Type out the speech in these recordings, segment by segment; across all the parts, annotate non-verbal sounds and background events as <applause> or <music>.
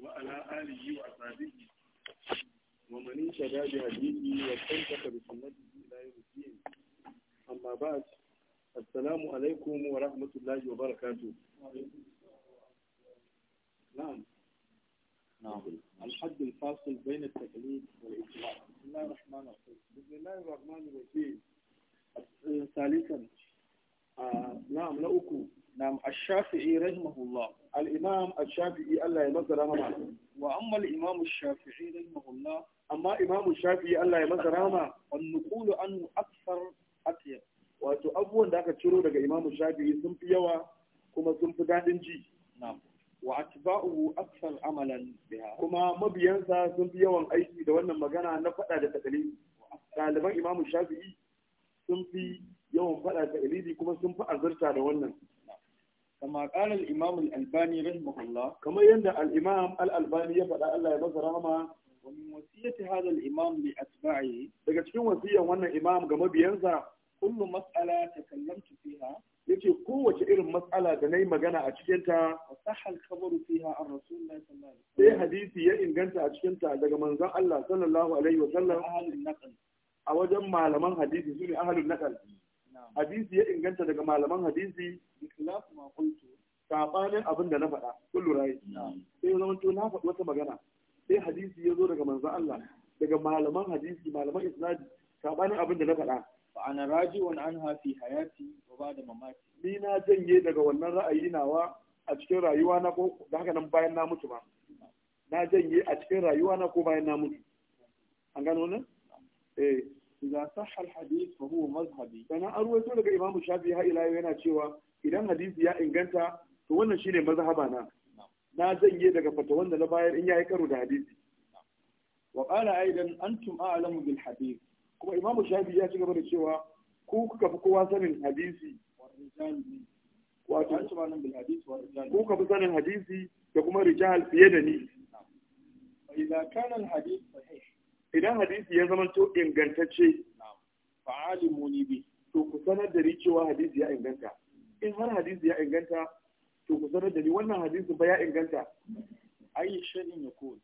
وعلى آله وأصحابه ومن انتدى بهديه واستمسك بسنته إلى يوم الدين أما بعد السلام عليكم ورحمة الله وبركاته نعم نعم الحد الفاصل بين التقليد والإجماع بسم الله الرحمن الرحيم بسم الله الرحمن الرحيم ثالثا آه نعم لا أكو نعم الشافعي رحمه الله الإمام الشافعي الله يمزر رحمه وأما الإمام الشافعي رحمه الله أما إمام الشافعي الله يمزر رحمه النقول أنه أكثر أطيب wato abubuwan da aka ciro daga imam shafi'i sun fi yawa kuma sun fi daɗin ji wa atba'uhu aksal amalan biha kuma mabiyansa sun fi yawan aiki da wannan magana na faɗa da takalidi ɗaliban imam shafi'i sun fi yawan faɗa da kuma sun fi azurta da wannan kama qala al-imam al-albani rahimahullah kamar yadda al alalbani al-albani ya faɗa Allah ya masa rahama wa min wasiyati hadha al-imam li atba'i daga cikin wasiyan wannan imam ga mabiyansa kullu mas'ala takallamtu fiha yace kowace irin mas'ala da nayi magana a cikin ta sahal khabaru fiha an rasulullahi sallallahu alaihi wasallam sai hadisi ya inganta a cikin ta daga manzon Allah sallallahu alaihi wasallam ahlul a wajen malaman hadisi sune ahlul naql hadisi ya inganta daga malaman hadisi ikhlasu ma qultu sabanin abin da na faɗa kullu rai sai ya to na faɗi wata magana sai hadisi ya zo daga manzo Allah daga malaman hadisi malaman isnadi sabanin abin da na faɗa fa ana wani anha fi hayati wa ba'da mamati ni na janye daga wannan ra'ayi nawa a cikin rayuwa na ko da haka nan bayan na mutu ba na janye a cikin rayuwa na ko bayan na mutu an gano nan eh idza sahha al-hadith fa huwa mazhabi kana an ruwaito daga Imam Shafi har ila yana cewa idan hadisi ya inganta to wannan shine mazhaba na na zan yi daga fatawan wanda na bayar in yayi karo da hadisi wa qala aidan antum a'lamu bil hadith kuma Imam Shafi ya ci gaba da cewa ku kuka fi kowa sanin hadisi wato antum ku kuka fi sanin hadisi da kuma rijal fiye da ni idan kana al sahih idan hadisi ya zama to ingantacce fa alimuni bi to ku sanar da ni cewa hadisi ya inganta in har hadisi ya inganta to ku sanar da ni wannan hadisi ba ya inganta ayi sharin ya kowa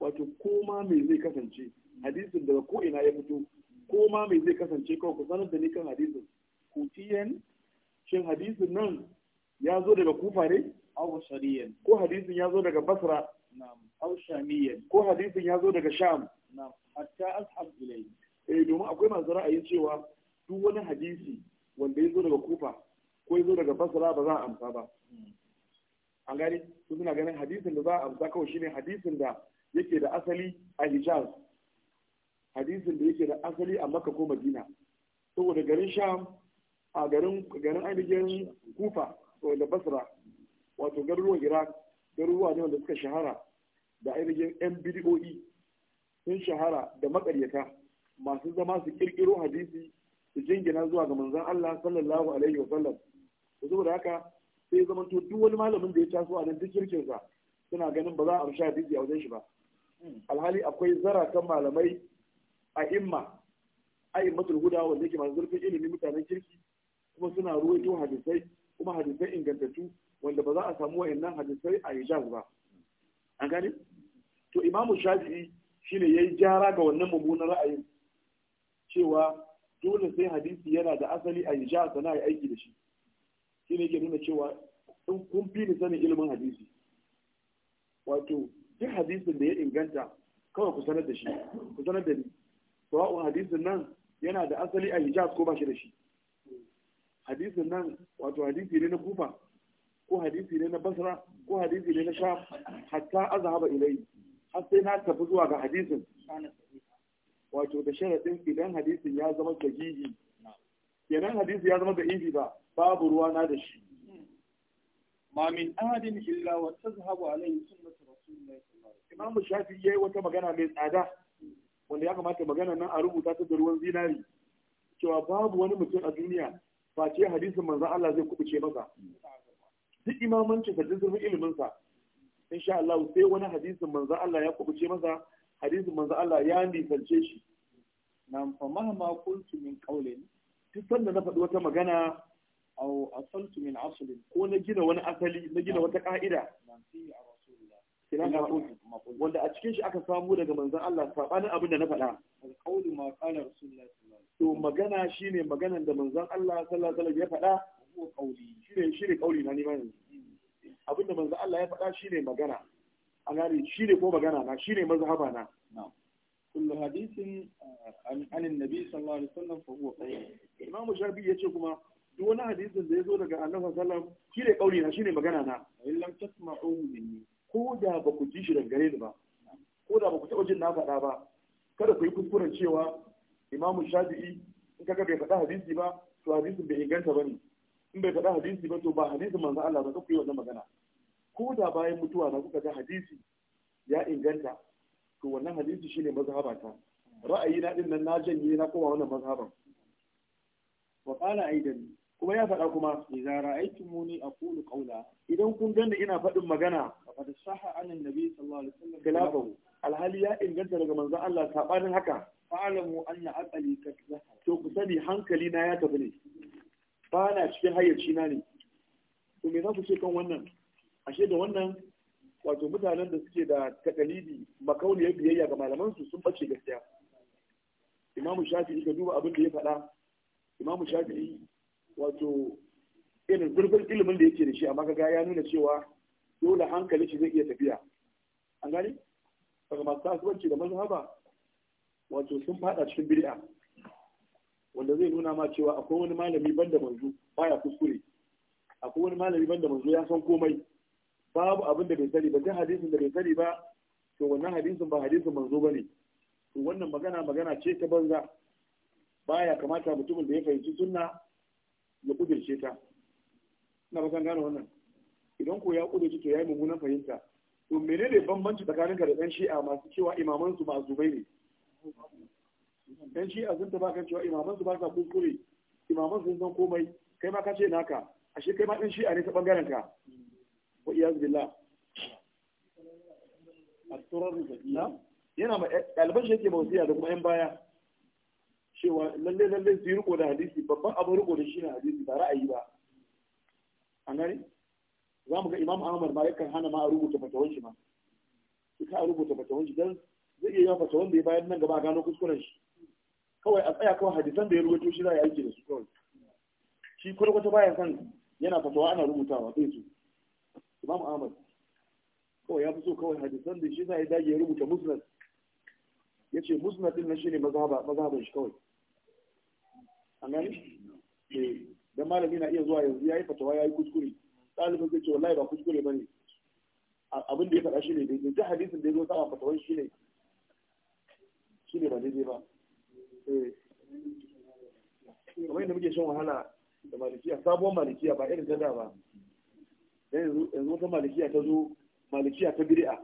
wato koma mai zai kasance hadisin daga ko ina ya fito koma mai zai kasance kawai ku sanar da ni kan hadisin kutiyan shin hadisin nan ya zo daga kufa ne aw shariyan ko hadisin ya zo daga basra na'am aw shamiyan ko hadisin ya zo daga sham na hatta ashab ilayhi eh domin akwai masu ra'ayin cewa duk wani hadisi wanda ya zo daga kufa ko ya zo daga basra ba za a amsa ba an gani su suna ganin hadisin da za a amsa kawai shine hadisin da yake da asali a hijaz hadisin da yake da asali a makka ko madina saboda garin sham a garin garin ainihin kufa da basra wato garuruwan iraq garuruwa ne wanda suka shahara da ainihin mbdoe sun shahara da makaryata masu zama su ƙirƙiro hadisi su jingina zuwa ga manzon Allah sallallahu alaihi wa sallam to saboda haka sai ya to duk wani malamin da ya taso a nan duk kirkinsa suna ganin ba za a rushe hadisi a wajen shi ba alhali akwai zaratan malamai a imma imma huda wanda yake masu zurfin ilimi mutanen kirki kuma suna ruwaito hadisai kuma hadisai ingantattu wanda ba za a samu wa'annan hadisai a hijaz ba an gani to imamu shafi'i shine yayi jara ga wannan mummunan ra'ayin cewa dole sai hadisi yana da asali a yi sha sana aiki da shi shi ne ke nuna cewa in kun fi sanin ilimin hadisi wato duk hadisin da ya inganta kawai ku sanar da shi ku sanar da ni sawa'un hadisin nan yana da asali a hijaz ko ba shi da shi hadisin nan wato hadisi ne na kufa ko hadisi ne na basra ko hadisi ne na sha hatta azhaba ilayhi har sai na tafi zuwa ga hadisin wato da sharaɗin idan hadisin ya zama gigi kenan hadisi ya zama gigi ba babu ruwa na da shi ma min ahadin illa wa tazhabu alayhi sunnat rasulillahi imamu shafi yayi wata magana mai tsada wanda ya kamata magana nan a rubuta ta da ruwan zinari cewa babu wani mutum a duniya face hadisin manzo Allah zai kubuce masa duk imamancin da zurfin ilimin sa sha Allah sai wani hadisin manzo Allah ya kubuce masa hadisin manzo Allah ya nisance shi nan fa mahma qultu min qawlin duk sanda na faɗi wata magana aw asaltu min aslin ko na gina wani asali na gina wata ka'ida wanda a cikin shi aka samu daga manzon Allah sabanin abin da na faɗa alqawlu ma qala rasulullah to magana shine maganan da manzon Allah sallallahu alaihi wasallam ya faɗa ko kauli shine shine kauli na ne ma yanzu abinda manzo Allah ya faɗa shine magana an gane shine ko magana na shine mazhaba na kullu hadisin eh, an Nabi sallallahu alaihi wasallam fa huwa qawl imamu shafi yace kuma duk wani hadisin da yazo daga annabi sallallahu alaihi wasallam shine kauli na shine magana na in lam tasma'u minni ko da ba ku ji shi daga gare ni ba ko da ba ku taɓa jin na faɗa ba kada ku yi kuskuren cewa imamu shafi'i in kaga bai faɗa hadisi ba to hadisin bai inganta ba ne in bai faɗa hadisi ba to ba hadisin manzo Allah ba kuka yi wannan magana ko da bayan mutuwa na kuka ga hadisi ya inganta to wannan hadisi shine mazhaba ta ra'ayi na din nan na janye na koma wannan mazhaban wa qala aidan kuma ya faɗa kuma idza ra'aytumuni aqulu qawla idan kun ganni ina faɗin magana faqad sahha anan nabi sallallahu alaihi wasallam khilafahu alhali ya inganta daga manzon Allah sabanin haka fa'alamu anna aqali kad to ku sani hankali na ya tafi ne ba na cikin hayyaci na ne to me za ku ce kan wannan ashe da wannan wato mutanen da suke da takalidi makauniyar biyayya ga malaman su sun bace gaskiya imamu shafi'i ka duba abin da ya faɗa imamu shafi'i wato irin zurfin ilimin da yake da shi amma ga ya nuna cewa dole hankali shi zai iya tafiya an gane daga masu kasuwanci da mazhaba wato sun fada cikin bid'a wanda zai nuna ma cewa akwai wani malami banda manzo baya kuskure akwai wani malami banda manzo ya san komai babu abin da bai sani ba jin hadisin da bai sani ba to wannan hadisin ba hadisin manzo bane to wannan magana magana ce ta banza baya kamata mutumin da ya fahimci sunna ya kudirce ta ina ba san gane wannan idan ko ya kudirce to yayi mummunan fahimta to menene bambanci tsakaninka da ɗan shi'a masu cewa imaman su azubai ne dan shi azunta ta baka cewa imaman su ba sa kuskure imaman sun san komai kai ma ka ce naka ashe kai ma din shi a ne ta bangaren ka wa iyaz billah asrar turar na yana ma dalibai shi yake mawsiya da kuma yan baya cewa lalle lalle su yi riko da hadisi babban abin riko da shi ne hadisi ba ra'ayi ba an gani za mu ga imam ahmad ma yakan hana ma a rubuta fatawan shi ma sai ka rubuta fatawan shi dan zai iya yawan fatawan da ya bayar nan gaba a gano kuskuren shi kawai a tsaya kawai hadisan da ya rubuto shi za a yi aiki da su kawai shi wata baya son yana fatawa ana rubutawa sai su imam ahmad kawai ya fi so kawai hadisan da shi za a yi dage ya rubuta musnad ya ce musnad din na shi ne mazhaban shi kawai an gani eh, dan malami na iya zuwa yanzu ya yi fatawa ya yi kuskure ɗalibin zai ce wallahi ba kuskure ba ne abin da ya faɗa shi ne daidai duk hadisin da ya zo sama fatawan shi ne shi ne ba daidai ba Eh. kamar yadda muke shan wahala da malikiya sabon malikiya ba irin gada ba yanzu wata malikiya ta zo malikiya ta biri'a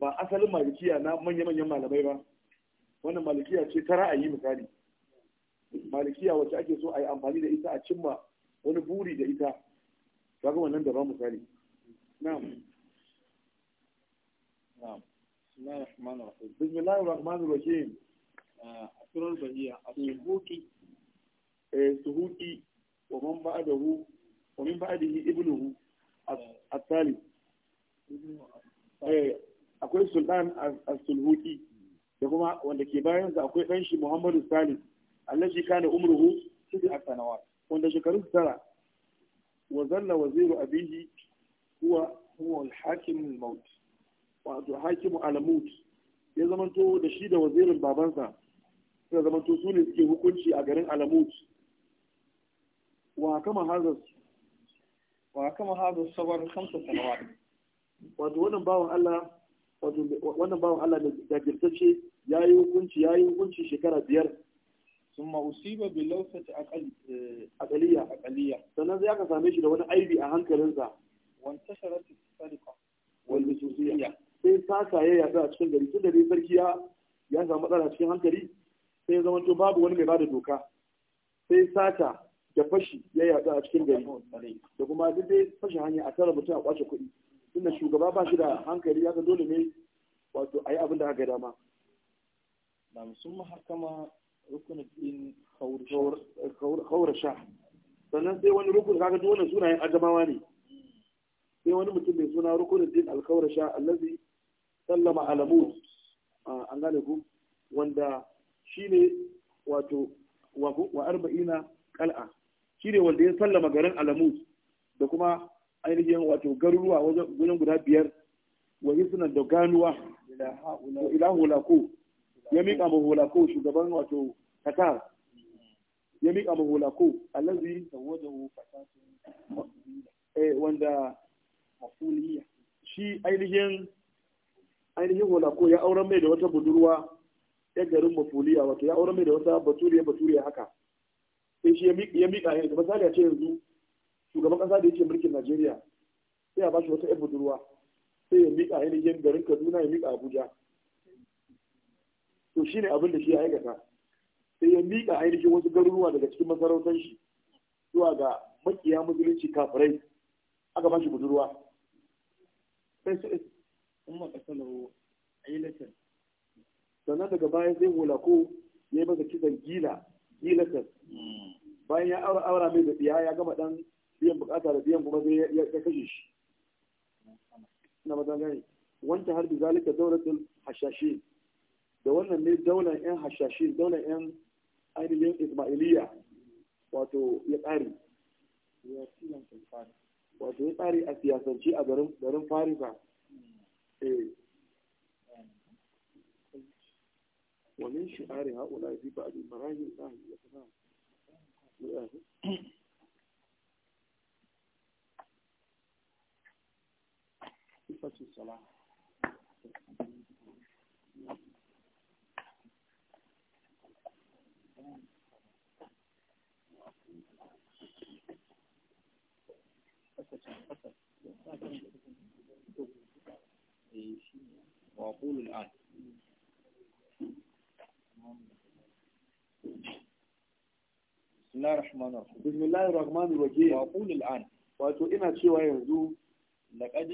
ba asalin malikiya na manya-manyan malamai ba wannan malikiya ce ta ra'ayi misali malikiya wacce ake so a yi amfani da ita a cimma wani buri da ita Ba kaga wannan ba misali na'am na'am بسم الله الرحمن الرحيم sunan bahiya a hmm. suhuki eh suhuki wa man ba'dahu wa min ba'dihi ibnuhu at-talib eh, eh akwai sultan as sulhuti da kuma wanda ke bayan sa akwai dan shi Muhammadu Salim allazi kana umruhu sidi sanawat wanda shekaru tara wa zalla waziru abihi huwa huwa al-hakim al-maut wato hakimu al-maut ya to da shi da wazirin babansa suka zama to su ne suke hukunci a garin alamut wa kama hazar wa kama hazar sabar kamsa sanawa wato wannan bawan Allah wato wannan bawan Allah da jajirtacce yayi hukunci yayi hukunci shekara biyar bi أصيب بلوثة eh, aqaliya aqaliya sannan sai aka same shi da wani aibi a hankalinsa sarika السرقة واللصوصية sai sata ya yaɗu a cikin gari tun da sarki ya ya samu matsala cikin hankali sai zama to babu wani mai bada doka sai sata da fashi ya yaɗu a cikin gari da kuma duk dai fashi hanya a tara mutum a kwace kuɗi tunda shugaba ba shi da hankali ya ga dole ne wato a yi abin da aka dama. Na sun mahakama rukunin din kaurasha sannan sai wani rukun kaga duk wannan sunayen adamawa ne sai wani mutum mai suna rukunin din alkaurasha allazi sallama alamu ah, an gane ku wanda shine wato wa arba'ina kal'a shine wanda ya sallama garin alamus da kuma ainihin wato garuruwa wajen guda biyar wa isna da ganuwa ila hulako ya miƙa ma hulako shugaban wato qatar ya miƙa ma hulako allazi tawajahu eh wanda mafuliya shi ainihin ainihin hulako ya auren mai da wata budurwa yan garin mafuliya wato ya aure mai da wata baturiya baturiya haka sai shi ya miƙa ya yanzu misali a ce yanzu shugaban ƙasa da yake mulkin Najeriya sai a shi wata yan budurwa sai ya miƙa ainihin garin Kaduna ya miƙa Abuja to shine abin da shi ya aikata sai ya miƙa ainihin wasu garuruwa daga cikin masarautar shi zuwa ga makiya musulunci kafirai aka bashi budurwa sai su umma na ailatar sannan daga baya zai ko ya yi masa kisan gila gilatar hmm. bayan ya aura mai da tsiya ya gama dan biyan bukata da biyan kuma zai ya kashe shi na mazan gani wancan harbi zalika daulatul hashashi da wannan ne daular yan hashashi daular yan ainihin ismailiya wato ya tsari wato ya tsari a siyasance a garin farisa hmm. eh ومن شعار هؤلاء في بعض المراحل الله يتنام صفة الصلاة وأقول الآن bismillahir rahmanir rahim wa qul al'an wato ina cewa yanzu laqad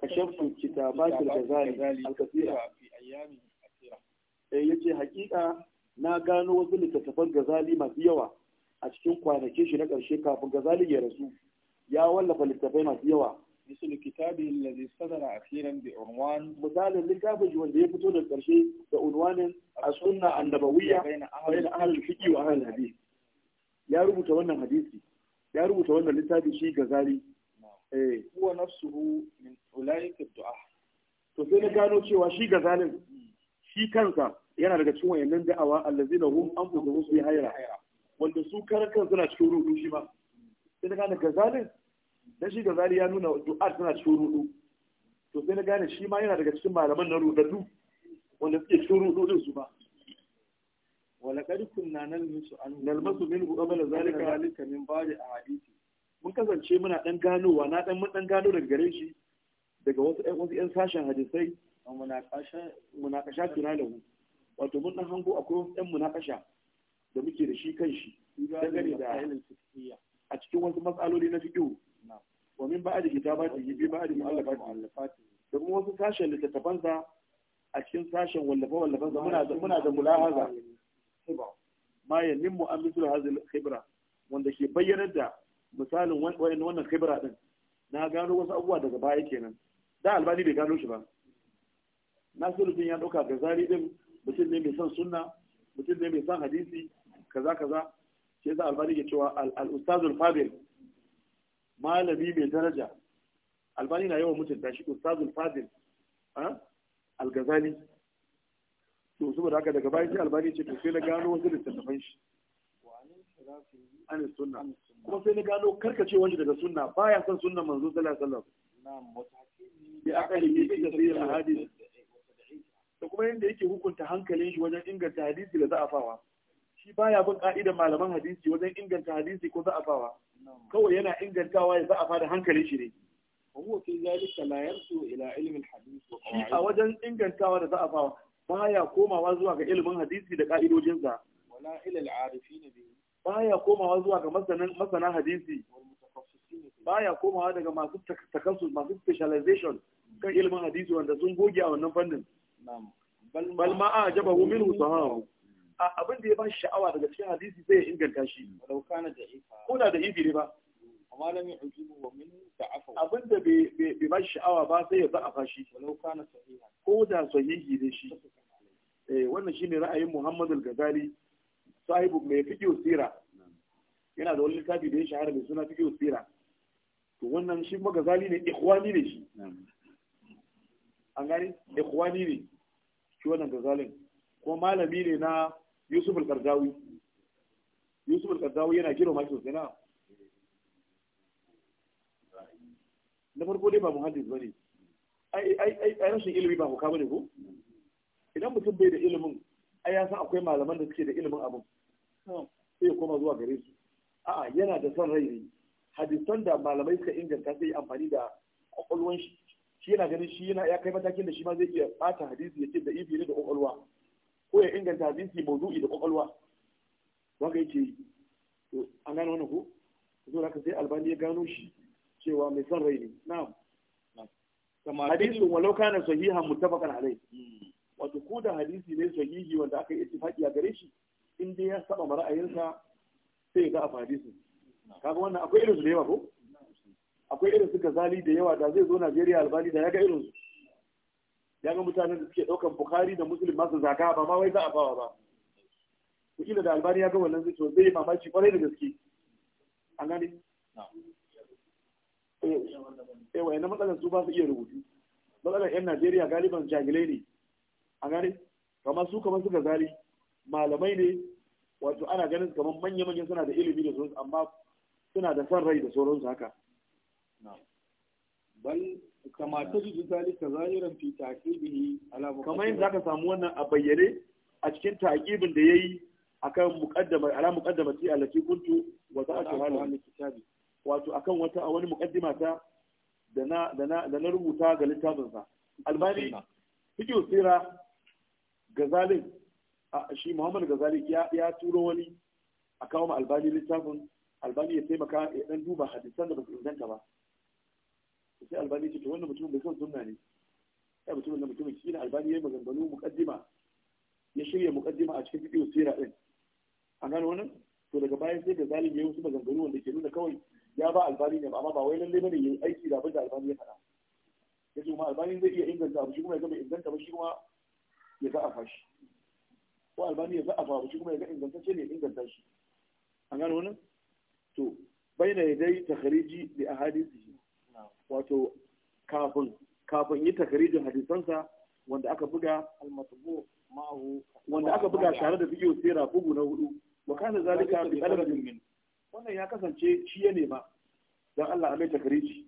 kashaftu kitabat al-ghazali al-kathira fi ayami eh, yace hakika na gano wasu littattafan gazali masu yawa a cikin kwanakin shi na ƙarshe kafin gazali ya rasu ya wallafa littattafai masu yawa misali kitabi alladhi sadara akhiran bi unwan misalin littafin shi wanda ya fito da ƙarshe da unwanin a sunna an wuya, bai na al-fiqh wa ahli ya rubuta wannan hadisi ya rubuta wannan littafi shi zari eh huwa nafsuhu min ulaika du'a to sai na gano cewa shi gazalin shi kansa yana daga cikin wayannan da'awa allazina hum anfusuhum fi hayra wanda su kan suna cikin rudu shi ma sai na gane gazalin dan shi gazali ya nuna du'a suna cikin rudu to sai na gane shi ma yana daga cikin malaman na rudu wanda suke cikin rudu din su ba ولقد كنا نلمس أن نلمس منه قبل ذلك ذلك من بعض أحاديث mun kasance muna dan ganowa na dan mun gano daga gare shi daga wasu ƴan wasu ƴan sashen hadisai munakasha tuna da mu wato mun dan hango akwai wasu ƴan munakasha da muke da shi kan shi dangane da a cikin wasu matsaloli na fiqh wa min ba'd kitabati bi ba'd mu'allafati da kuma wasu sashen littattafansa a cikin sashen wallafa wallafansa muna da muna da mulahaza hiba ma ya nimmu an misul hazil khibra wanda ke bayyanar da misalin wannan khibra din na gano wasu abubuwa daga baya kenan da albani bai gano shi ba Na nasiruddin ya dauka ga zari din mutum ne mai son sunna mutum ne mai son hadisi kaza kaza Ke yasa albani ke cewa al-ustazul fadil malami mai daraja albani na yawan mutunta shi ustazul fadil ah, al-ghazali to saboda haka daga bayan shi albani ce to sai na gano da tattafan shi an sunna kuma sai na gano karkace shi daga sunna baya son sunnan manzo sallallahu alaihi wasallam bi aqalihi bi tafsir al-hadith da kuma yadda yake hukunta hankalin shi wajen inganta hadisi da za'afawa shi baya bin ka'idar malaman hadisi wajen inganta hadisi ko za'afawa kawai yana ingantawa ya za'afa da hankalin shi ne وهو في ذلك لا يرجو الى علم الحديث وقواعده. a wajen ingantawa da za'afawa baya komawa zuwa ga ilimin hadisi da ka'idojinsa wala ilal arifina baya komawa zuwa ga masanan masana hadisi baya komawa daga masu takasu masu specialization kan ilimin hadisi wanda sun goge a wannan fannin bal ma a jaba hu minhu sahahu abin da ya ba sha'awa daga cikin hadisi sai ya inganta shi ko da da ifi ne ba amma lam yu'jibu wa min da'afa abinda bai bai ba sha'awa ba sai ya za'afa shi walau kana sahiha ko da sahihi ne shi eh wannan shine ra'ayin Muhammad al-Ghazali sahibu mai fiqh sira yana da wani littafi da ya shahara mai suna fiqh sira to wannan shi Ghazali ne ikhwani ne shi an gani ikhwani ne shi wannan gazalin kuma malami ne na Yusuf al-Qardawi Yusuf al-Qardawi yana girma sosai na da farko dai ba muhaddis bane ai ai ai rashin ilimi ba hukama ne ko idan mutum bai da ilimin ai ya san akwai malaman da suke da ilimin abun sai ya koma zuwa gare su a'a yana da son rai ne hadisan da malamai suka inganta sai ya amfani da kwakwalwan shi shi yana ganin shi yana ya kai matakin da shi ma zai iya bata hadisi ya ce da ibi ne da kwakwalwa ko ya inganta hadisi mawdu'i da kwakwalwa wanda yake yi an gano wannan ko zo da sai albani ya gano shi cewa mai son rai ne na'am hadisin walau kana sahihan muttafaqan alai hmm. wato ko da hadisi ne sahihi wanda aka yi ittifaqi a gare shi in dai ya saba ra'ayinsa sai ga a hadisin kaga wannan akwai irin su da yawa ko akwai irin suka zali da yawa da zai zo Najeriya albani da ya ga irin su ya ga mutanen da suke daukan Bukhari da Muslim masu zaka ba ma wai za a bawa ba kila da albani ya ga wannan zai to zai yi mamaki kwarai da gaske an gani Eh, eh wayannan matsalar su ba su iya rubutu Matsalar yan Najeriya galiban jagilai ne a gani, kamar su kamar suka zari. malamai ne wato ana ganin kamar manya-manyan suna da ilimi da sauransu amma suna da son rai da sauransu haka bal kama ta ji ka zahiran fi taqibihi ala kamar yadda ka samu wannan a bayyane a cikin taƙibin da ya yayi akan muqaddama ala muqaddamati allati kuntu wa ta'atu halal kitabi wato akan wata a wani mukaddima ta da na da na rubuta ga littafin sa albani fiki sira gazali shi muhammad gazali ya ya turo wani a kawo ma albani littafin albani ya taimaka ya dan duba hadisan da ba su inganta ba sai albani ce to wannan mutum bai son sunna ne sai mutum wannan mutumin shi ne albani ya yi maganganu mukaddima ya shirya mukaddima a cikin fiki sira din an gano wannan to daga baya sai da zalim ya yi wasu maganganu wanda ke nuna kawai ya ba albani ne amma ba wai lalle bane yayi aiki da abin da albani ya faɗa yace kuma albani zai iya inganta abu shi kuma ya ga bai inganta ba shi kuma ya za a fashi ko albani ya za a fashi kuma ya ga inganta ce ne inganta shi an gano wannan to bayyana ya dai takhariji da ahadisi wato kafin kafin yi takharijin hadisansa wanda aka buga almatbu ma'ahu wanda aka buga tare da bidiyo sera bugu na hudu wa kana zalika bi talabatin min wannan ya kasance shi ya nema don Allah a mai takarici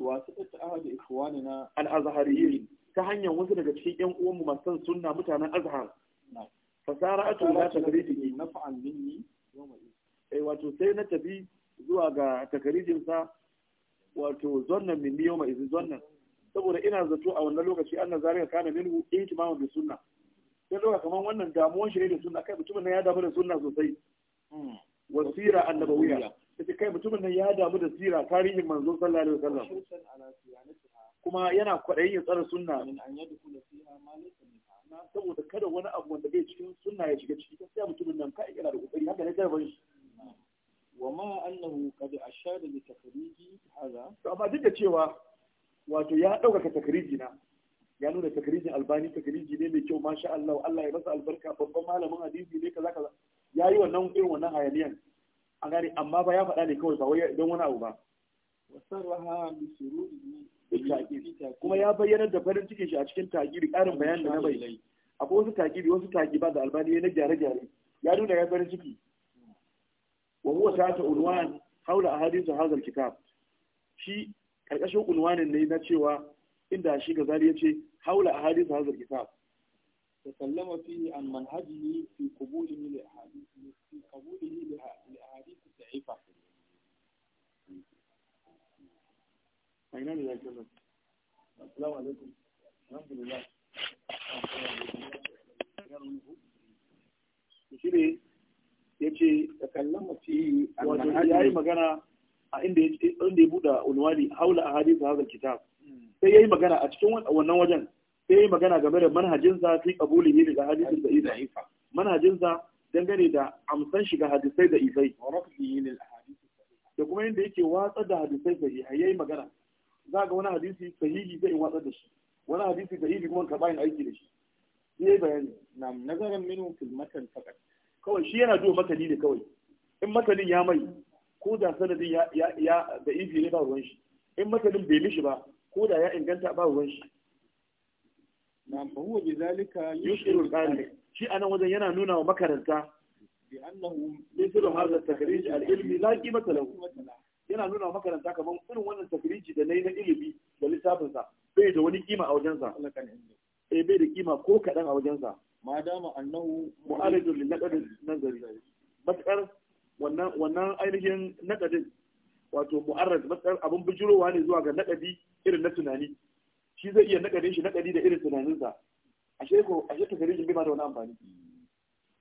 wasu tattawa da ikhwani na al-azhariyyin ta hanyar wasu daga cikin yan uwanmu masu san sunna mutanen azhar fasara atu la ne na fa'an minni eh wato sai na tafi zuwa ga takarijin sa wato zonnan min yau izin zonnan saboda ina zato a wannan lokaci an annan zalika kana minhu ihtimamu bi sunna sai doka kamar wannan damuwan shi ne da sunna kai mutumin nan ya damu da sunna sosai hmm. wasira annabawiya sai kai mutumin nan ya damu da sira tarihin manzo sallallahu alaihi wasallam kuma yana kwaɗayin ya tsara sunna saboda kada wani abu wanda bai cikin sunna ya shiga ciki sai mutumin nan kai yana da kokari haka ne jarban shi wa ma annahu qad ashara li takriji hada to amma duk da cewa wato ya dauka takriji na ya nuna takrijin albani takriji ne mai kyau masha Allah Allah ya masa albarka babban malamin hadisi ne kaza kaza ya yi wannan irin wannan hayaniyan a gani. amma ba ya faɗa ne kawai ba wai don wani abu ba kuma ya bayyana da farin cikin shi a cikin tagiri ƙarin bayan da na bai akwai wasu tagiri wasu ba da albani na gyare-gyare ya nuna ya farin ciki wa huwa ta ta unwan haula ahadithu hadha kitab shi karkashin unwanin ne na cewa inda shi gazali yace haula ahadithu hadha kitab تكلم فيه عن منهجه في قبوله لأحاديث في قبوله لأحاديث ضعيفة السلام عليكم الحمد لله fi magana a inda ya buɗe unwani haula ahadith kitab sai ya yi magana a cikin wannan wajen sai magana game da manhajinsa fi ne daga hadisin da isa manhajinsa dangane da amsan shiga hadisai da isai da kuma yadda yake watsar da hadisai ya yi magana za ga wani hadisi sahihi zai watsar da shi wani hadisi sahihi kuma ka bayin aiki da shi sai bayani na nazarin minu filmatan fakat kawai shi yana duba makali ne kawai in makalin ya mai ko da sanadin ya da ifi ne ba ruwan shi in makalin bai mishi ba ko da ya inganta ba ruwan shi na fa huwa bidhalika yushiru al-qalib shi anan wajen yana nuna wa makaranta bi annahu mithlu hadha at-takhrij al-ilmi la qimata lahu yana nuna wa makaranta kaman irin wannan takhriji da nayi na ilimi da littafin sa bai da wani kima a wajen sa eh bai da kima ko kadan a wajen sa ma dama annahu mu'aridun lil naqd nazari matakar wannan wannan ainihin naqdin wato mu'arrad matsar abin bijirowa ne zuwa ga naɗabi irin na tunani shi zai iya nakadin shi nakadi da irin tunaninsa ashe ko ashe takarijin bai ma da wani amfani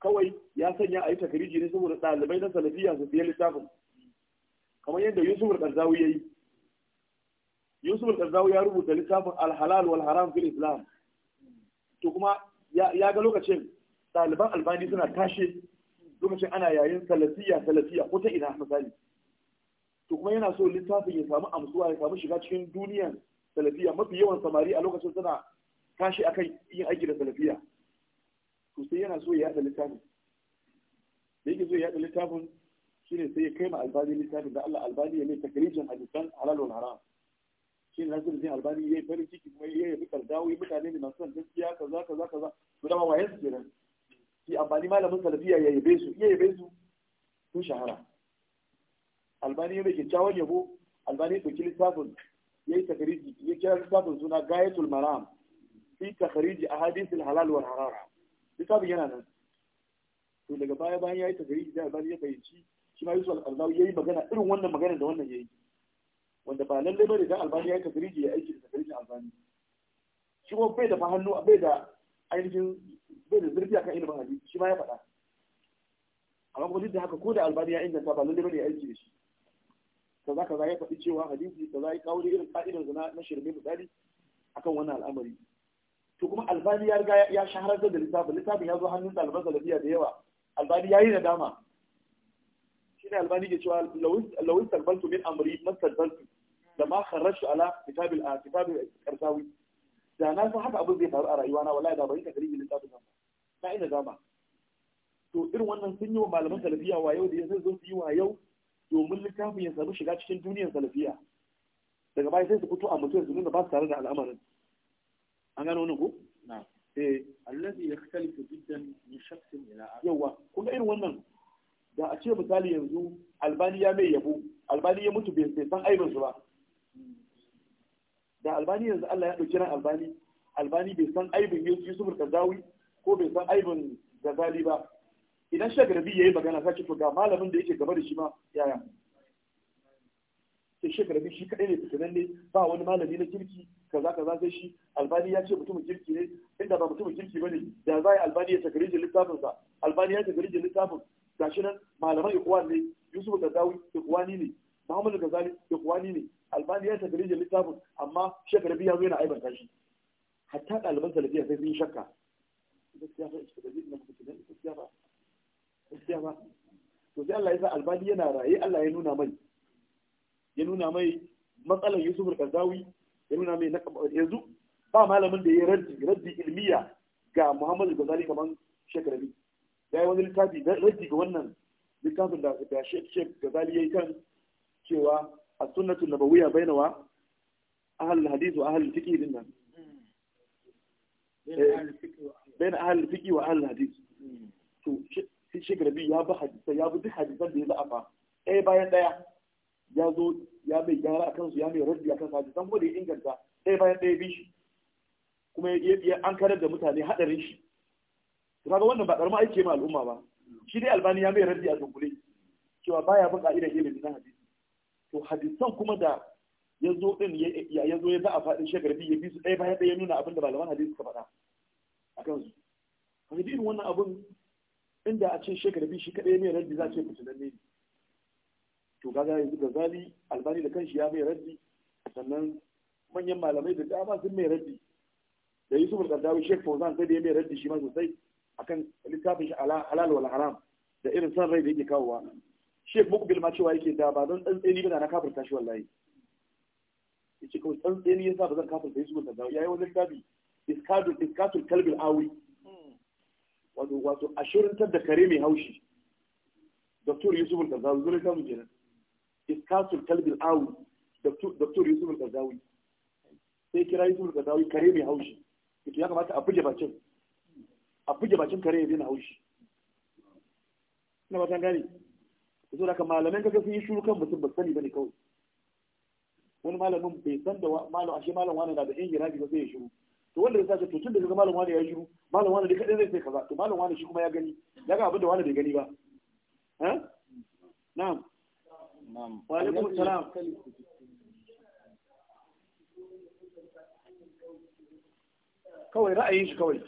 kawai ya sanya a yi takariji ne saboda ɗalibai na salafiya su biya littafin kamar yadda yusuf al-qarzawi ya yi yusuf al-qarzawi ya rubuta littafin al-halal wal haram fil islam to kuma ya ga lokacin ɗaliban albani suna tashi lokacin ana yayin salafiya salafiya ko ta ina misali to kuma yana so littafin ya samu amsuwa ya samu shiga cikin duniyan salafiya mafi yawan samari a lokacin suna tashi akan yin aiki da salafiya to sai yana so ya yada littafin da yake so ya yada littafin Shi ne sai ya kai ma albani littafin da Allah albani ya mai takrijin hadisan halal wal haram shine nasir din albani ya yi farin ciki kuma ya yi bi dawo ya mutane ne masu son gaskiya kaza kaza kaza to dama waye su kenan shi amfani malamin salafiya ya yabe su ya yabe su sun shahara albani ya mai kyakkyawan yabo albani ya ɗauki littafin ya takariji ya kira littafin suna maram takariji a hadisul halal littafin yana nan to daga baya bayan ya yi takariji da albani ya fahimci shi ma ya yi magana irin wannan da wannan ya yi wanda ba lallai albani ya yi takariji ya aiki da takarijin albani bai da bai da ainihin akan shi ya da kaza kaza ya faɗi cewa hadisi kaza ya kawo irin ka'idar zina na shirme misali akan wannan al'amari to kuma albani ya riga ya shaharar da littafin littafin ya zo hannun ɗaliban salafiya da yawa albani ya yi nadama shine albani ke cewa lawis talbantu min amri mastalbantu da ma kharrashu ala kitabil a kitabil karsawi da na san haka abin zai faru a rayuwa na wallahi da bai takribi littafin nan na ina dama to irin wannan sun yi wa malaman salafiya wa yau da yanzu zo su yi wa yau domin littafin ya samu shiga cikin duniyar salafiya daga baya sai su fito a mutum su nuna ba su tare da al'amarin an gano wani ko eh allazi yakhtalifu jiddan min shakhsin ila akhar yawa kuma irin wannan da a ce misali yanzu albani ya mai yabo albani ya mutu bai san aibin su ba da albani yanzu Allah ya dauki ran albani albani bai san aibin Yusuf al-Kazawi ko bai san aibin Ghazali ba idan shagarabi ya yi magana za ki to ga malamin da yake gaba da shi ma yaya sai shagarabi shi kaɗai ne fitinan ne ba wani malami na kirki kaza kaza sai shi albani ya ce mutumin kirki ne inda ba mutumin kirki ba ne da za a yi albani ya littafin littafinsa albani ya takarijin littafin gashi nan malaman ikuwan ne yusuf gazawi ikuwani ne muhammadu gazali ikuwani ne albani ya takarijin littafin amma shagarabi ya zo yana aibanta shi hatta ɗaliban salafiya sai sun shakka gaskiya gaskiya gaskiya ba to sai Allah ya sa albani yana raye Allah ya nuna mai ya nuna mai matsalar Yusuf al kazawi ya nuna mai yanzu ba malamin da ya raddi raddi ilmiya ga Muhammad al-Ghazali kaman Sheikh Rabi ya yi wani littafi raddi ga wannan littafin da da Sheikh Ghazali yayi kan cewa as-sunnatu nabawiyya bainawa al hadith wa al fiqh din nan bain al fiqh wa al hadith hmm. to sai shekara biyu ya bi hadisa ya bi duk hadisan da ya fa ɗaya bayan ɗaya ya zo ya mai gyara a kansu ya mai raddi a su hadisan kuma da ya inganta ɗaya bayan ɗaya bi shi kuma ya an karar da mutane haɗarin shi to kaga wannan ba ƙaramin aiki ma al'umma ba shi dai albani ya mai raddi a dunkule cewa baya bin ka'idar ilimi na hadisi to hadisan kuma da ya zo ɗin ya zo ya za a faɗin shagarbi ya bi su ɗaya bayan ɗaya ya nuna abin da malaman hadisi ka faɗa a kansu kaga irin wannan abin inda a ce shekara bi shi kaɗai mai raddi za a ce fitinan ne to kaga yanzu gazali albani da kanshi ya mai raddi sannan manyan malamai da dama sun mai raddi da yusuf al-qardawi shek fauzan sai da ya mai raddi shi ma sosai akan littafin shi halal wal haram da irin san rai da yake kawowa shek mukbil ma cewa yake da ba don tsantseni ba na kafirta shi wallahi yace kawai tsantseni yasa ba zan kafirta yusuf al-qardawi yayi wani littafi iskatul iskatul kalbil awi wato wato ashirintar da kare mai haushi Dr. Yusuf Al-Kazawi zai kamu kenan iskasul al awi Dr. Yusuf Al-Kazawi sai kira Yusuf Al-Kazawi kare mai haushi to ya kamata a buje bacin a buje bacin kare ya daina haushi ina ba ta gane yanzu da malamin kaga sun yi shuru kan mutum ba sani bane kawai wani malamin bai san da malam ashe malam wani da da in giraji ba zai yi shuru to wanda ya sace to tun da kaga malam wani ya yi shiru malam wani da kadai zai sai kaza to malam wani shi kuma ya gani ya ga abin da wani bai gani ba ha na'am na'am wa alaikum salam kawai ra'ayin shi kawai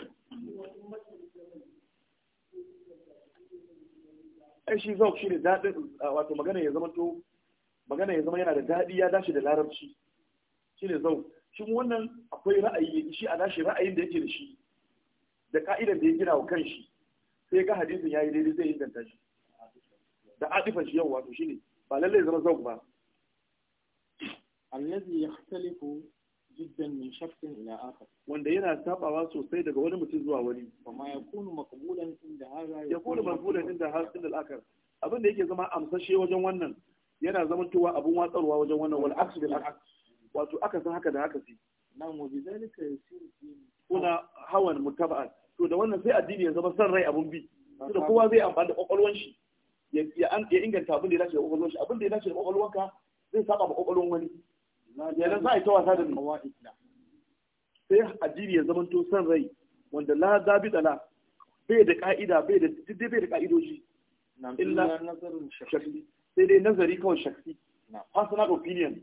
ai shi zauk shi ne daɗin wato magana ya zama to magana ya zama yana da daɗi ya dace da larabci shi ne zauk shin wannan akwai ra'ayi shi a nashi ra'ayin da yake da shi da ka'idar da ya gina wa kanshi sai ga hadisin yayi daidai zai inganta shi da atifan shi yau wato shine ba lallai zama zau ba allazi yaxtalifu jiddan min shakkin ila akhar wanda yana sabawa sosai daga wani mutum zuwa wani amma kunu maqbulan inda hada yakunu maqbulan inda hada inda al-akhar abin da yake zama amsashe wajen wannan yana zamantowa abun watsarwa wajen wannan wal aks bil aks wato aka san haka da haka sai na mu bi zalika kuna hawan mutaba'a to da wannan sai addini ya zama san rai abun bi da kowa zai amfani da kokolwan shi ya inganta abin da ya dace da kokolwan shi abin da ya dace da ka zai saba ma kwakwalwan wani yanzu za a yi ta wasa da ni sai addini ya zama to san rai wanda la zabi dala bai da ka'ida bai da dai bai da ka'idoji illa nazarin shakhsi sai dai nazari kawai shakhsi personal opinion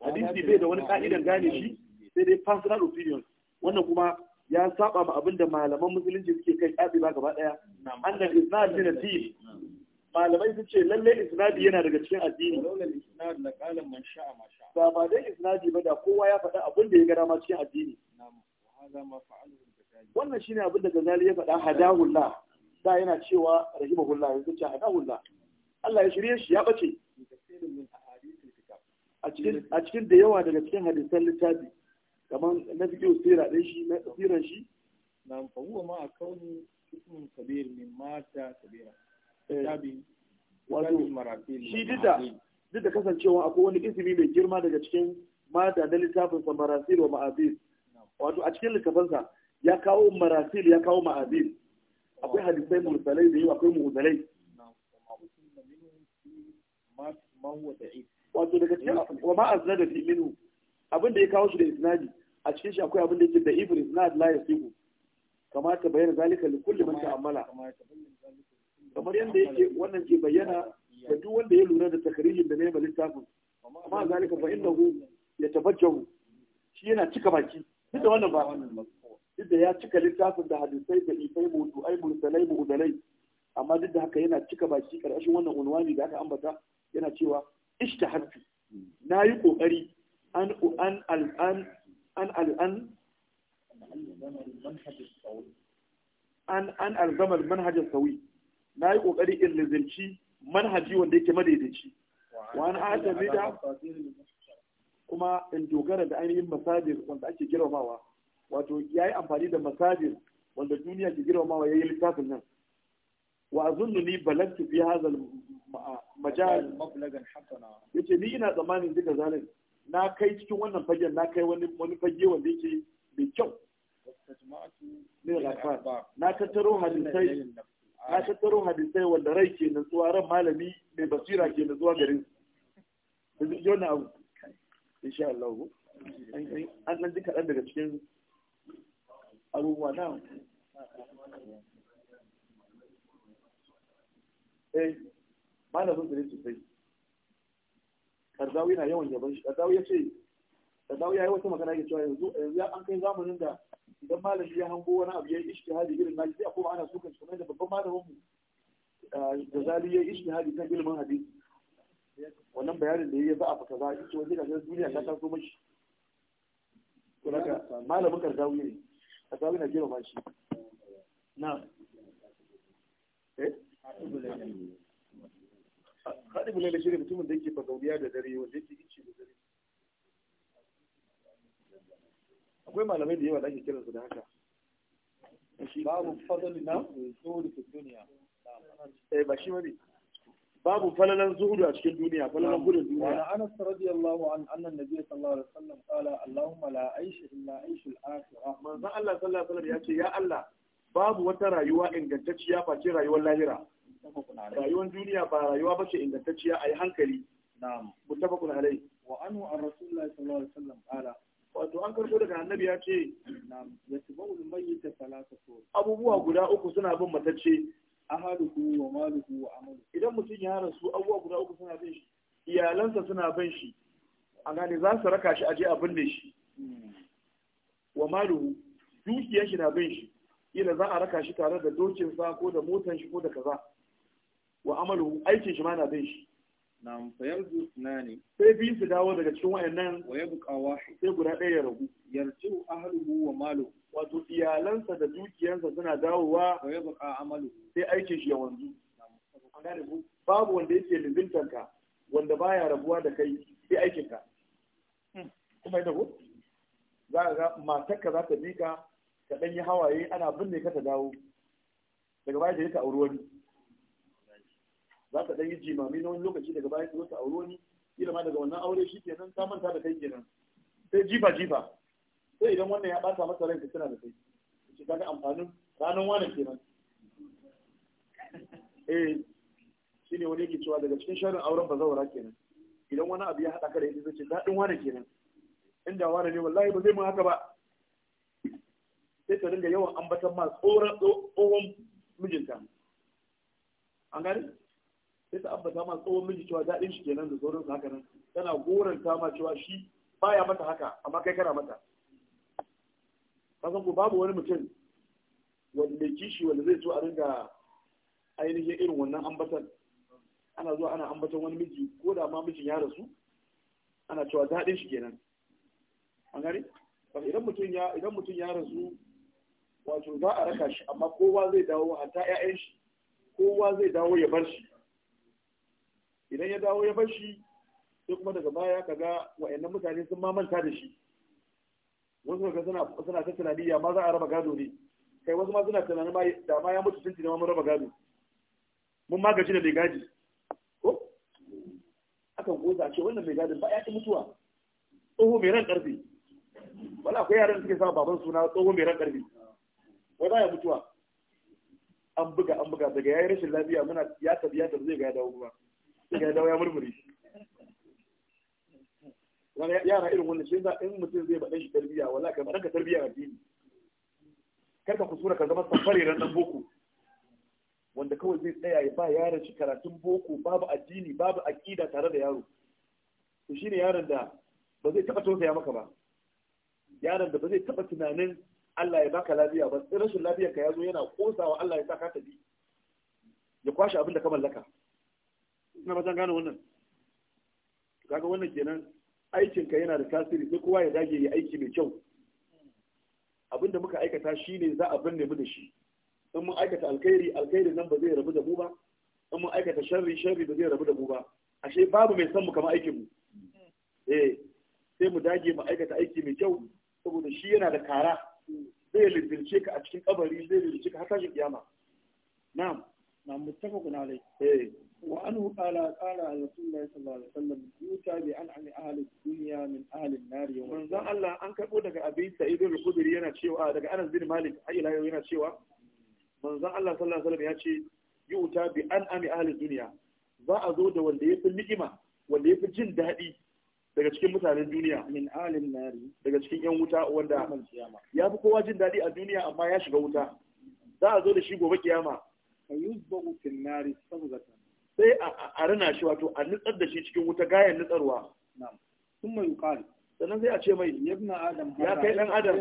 hadisi bai da wani ka'idan gane shi sai dai personal opinion wannan kuma ya saba ma abinda malaman musulunci suke kai tsabi ba gaba daya annal isnad min ad-din malamai sun ce lalle isnad yana daga cikin addini man sha'a ma ba ba dai isnad ba da kowa ya faɗa abin da ya gada ma cikin addini wannan shine abin da gazali ya faɗa hadahullah da yana cewa rahimahullah yanzu ce hadahullah Allah ya shirye shi ya bace a cikin da yawa daga cikin hadisan littafi kamar na fi kyau sira ɗin shi na tsiran shi na fahuwa ma a kauni ismin kabir min mata kabira eh. tabi wato shi dida dida kasancewa akwai wani ismi mai girma daga cikin mata na littafin sa marasil wa ma'azil wato a cikin littafansa ya kawo marasil ya kawo ma'azil akwai hadisai mursalai da yawa akwai mu'udalai ma huwa da'if wato daga cikin wa ma aznada fi minhu abin da ya kawo shi da isnadi a cikin shi akwai abin da yake da ibn isnad la yasihu Kamar ta bayyana zalika li kulli man ta'ammala kamar yadda yake wannan ke bayyana ga duk wanda ya lura da takririn da ne ba littafin amma zalika fa innahu yatabajjahu shi yana cika baki duk da wannan ba duk da ya cika littafin da hadisai da ifai mutu'ai mursalai Udalai. amma duk da haka yana cika baki karkashin wannan unwani da aka ambata yana cewa ishtahattu na yi ƙoƙari an an al'an an al'an an an alzamar manhajar sauyi na yi ƙoƙari in lizinci manhaji wanda yake madaidaici wani adabi da kuma in dogara da ainihin masajir wanda ake girmamawa wato ya yi amfani da masajir wanda duniya ke girmamawa ya yi littafin nan wa azunnuni balagtu fi hadha majal mablagan hasana yace ni ina tsammanin duka zalim na kai cikin wannan fagen na kai wani wani fage wanda yake mai kyau na tattaro hadisai na tattaro hadisai wanda rai ke nutsuwa ran malami mai basira ke nutsuwa garin su zai yi abu insha Allah an nan ji kaɗan daga cikin abubuwa na eh malamin su ne sosai karzawi na yawan yaban shi karzawi ya ce karzawi ya yi wata magana ya cewa yanzu yanzu an kai zamanin da idan malami ya hango wani abu ya yi ishtihadi irin nashi sai a koma ana sukan shi kamar da babban malamin mu da eh, zali ya yi ishtihadi kan ilimin hadisi wannan bayanin da ya za a faka za a yi cewa zai duniya ta taso mashi malamin karzawi ne karzawi na girma shi na eh haɗe bulele shi ne mutumin da yake bagauniya da dare wanda yake ice da dare akwai malamai da yawa da ake kiransu da haka babu fadali na zuhudu a duniya eh ba shi wani babu falalan zuhudu a cikin duniya falalan gudun duniya wa anas radiyallahu an annan nabi sallallahu alaihi wasallam qala allahumma la aisha illa aishul akhirah manzo allah sallallahu alaihi wasallam ya ce ya allah babu wata rayuwa ingantacciya face rayuwar lahira rayuwar duniya ba rayuwa bace ingantacciya a yi hankali na'am muttafaqun alai wa anhu an rasulullah sallallahu alaihi wasallam qala wato an karbo daga annabi ya ce na'am yatba'u al-mayyita thalathatu abubuwa guda uku suna bin matacce ahaduhu wa maluhu wa amalu idan mutum ya rasu abubuwa guda uku suna bin shi iyalansa suna bin shi an gane za su raka shi aje a binne shi hmm. wa maluhu dukiyar shi na bin shi ila za a raka shi tare da dokin sa ko da motan shi ko da kaza wa amalu aikin shi ma na bin shi Na nam fayarju tunani. sai biyu su dawo daga cikin wayannan wa yabqa wahid sai guda ɗaya ya ragu yarju ahluhu wa malu. wato iyalansa da dukiyansa suna dawowa wa buƙa amalu sai aikin shi ya wanzu babu wanda yake lizintar ka wanda baya rabuwa da kai sai aikin ka hmm. kuma ita ko za ka ga matarka za ta bi ka ka ɗan yi hawaye ana binne ka ta dawo daga baya da ta auri wani za ka ɗan yi jimami na wani lokaci daga bayan zuwa aure wani kila ma daga wannan aure shi kenan ta manta da kai kenan sai jifa jifa sai idan wannan ya ɓata masa rai tana da kai ce kaga amfanin ranar wani kenan <laughs> eh shi ne wani yake cewa daga cikin sharin auren ba zaura kenan idan wani abu ya haɗa ka da ita zai ce daɗin wani kenan inda wani ne wallahi ba zai mun haka ba sai ta dinga yawan ambatan ma tsohon mijinta an gani sai ta abbata ma tsohon miji cewa daɗin shi kenan da sauran su haka nan tana goranta ma cewa shi baya mata haka amma kai kana mata kasan ko babu wani mutum wanda kishi wanda zai so a ringa ainihin irin wannan ambatan ana zuwa ana ambatan wani miji ko da ma mijin ya rasu ana cewa daɗin shi kenan an gani idan mutum ya idan mutum ya rasu wato za a raka shi amma kowa zai dawo hatta ƴaƴan shi kowa zai dawo ya bar shi idan ya dawo ya bashi, shi sai kuma daga baya ka ga wa'annan mutane sun mamanta da shi wasu ka suna suna ta tunani ya ma za a raba gado ne kai wasu ma suna tunanin ma da ma ya mutu tunti ma mun raba gado mun magaji da bai gaji ko akan goza ce wannan bai gadin ba ya ci mutuwa tsoho mai ran karfi wala akwai yaran suke sa baban suna tsoho mai ran karfi wai ba ya mutuwa an buga an buga daga yayi rashin lafiya muna ya tafi ya zai ga ya dawo kuma ya dawo ya murmure shi wani yara irin wannan shi za in mutum zai baɗan shi tarbiyya wala ka baɗan ka tarbiyya a addini kar ka kusura ka zama safari ran nan boko wanda kawai zai tsaya ya ba yaron shi karatun boko babu addini babu aƙida tare da yaro to shine yaron da ba zai taɓa tausaya maka ba yaron da ba zai taɓa tunanin Allah ya baka lafiya ba rashin lafiyar ka zo yana kosawa Allah ya sa ka tafi ya kwashe abin da ka mallaka na ba gane wannan kaga wannan kenan aikin ka yana da tasiri sai kowa ya dage ya aiki mai kyau abinda muka aikata shine za a binne mu da shi in mun aikata alkhairi alkhairi nan ba zai rabu da mu ba in mun aikata sharri sharri ba zai rabu da mu ba ashe babu mai san mu kamar aikin mu eh sai mu dage mu aikata aiki mai kyau saboda shi yana da kara zai lizzince ka a cikin kabari zai lizzince ka har tashin kiyama na'am na kuna alayhi eh وأنه قال قال رسول الله صلى الله عليه وسلم يؤتى بأنعم أهل الدنيا من أهل النار يوم من ذا الله أنك أقول أبي سعيد الخدري أنا تشيوا لك أنس بن مالك أي لا يوم تشيوا من ذا الله صلى الله عليه وسلم يأتي يؤتى بأنعم أهل الدنيا za a zo da wanda ya fi ni'ima wanda ya fi jin daɗi daga cikin mutanen duniya min alin nari daga cikin yan wuta wanda ya fi kowa jin daɗi a duniya amma ya shiga wuta za a zo da shi gobe kiyama sai a rana shi wato a nutsar da shi cikin wuta gayan nutsarwa sun mai yukari sannan sai a ce mai ya kai dan adam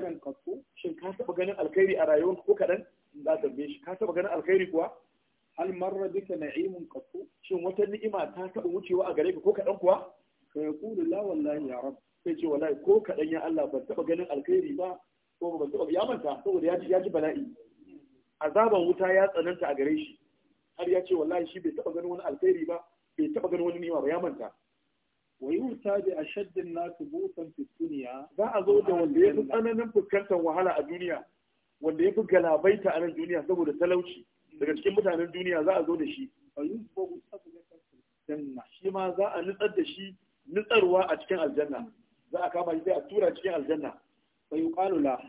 shin ka taba ganin alkhairi a rayuwar ko kaɗan za ta tambaye shi ka taba ganin alkhairi kuwa hal marra bika na'imun qattu shin wata ni'ima ta taba wucewa a gare ka ko kaɗan kuwa fa yaqulu la wallahi ya rab sai ce wallahi ko kaɗan ya Allah ban taba ganin alkhairi ba ko ban taɓa." ya manta saboda ya ji bala'i azaban wuta ya tsananta a gare shi har ya ce wallahi shi bai taba ganin wani alkhairi ba bai taba ganin wani nima ba ya manta wa yuta bi ashaddin nasu busan fi duniya za a zo da wanda ya fi tsananin fuskantar wahala a duniya wanda ya fi galabaita a nan duniya saboda talauci daga cikin mutanen duniya za a zo da shi shi ma za a nutsar da shi nutsarwa a cikin aljanna za a kama shi sai a tura cikin aljanna bai yuqalu la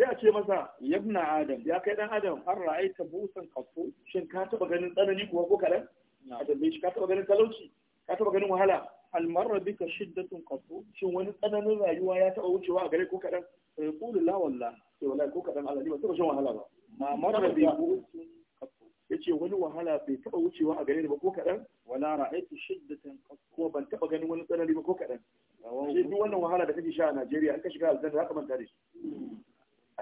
sai a ce masa yabna adam ya kai dan adam har ra'aita busan kafu shin ka taba ganin tsanani kuwa ko kadan a tambaye shi ka taba ganin talauci ka taba ganin wahala bika shiddatun shin wani tsananin rayuwa ya taba wucewa a gare ko kadan sai ya la sai eh, wallahi ko kadan Allah ne ba taba shan wahala ba ma marra busan yace wani wahala bai taba wucewa a gare ni ba ko kadan wala shiddatan ban taba ganin wani tsanani ba ko kadan shi duk wannan wahala da kake sha a Najeriya an ka shiga aljanna za manta da shi hmm.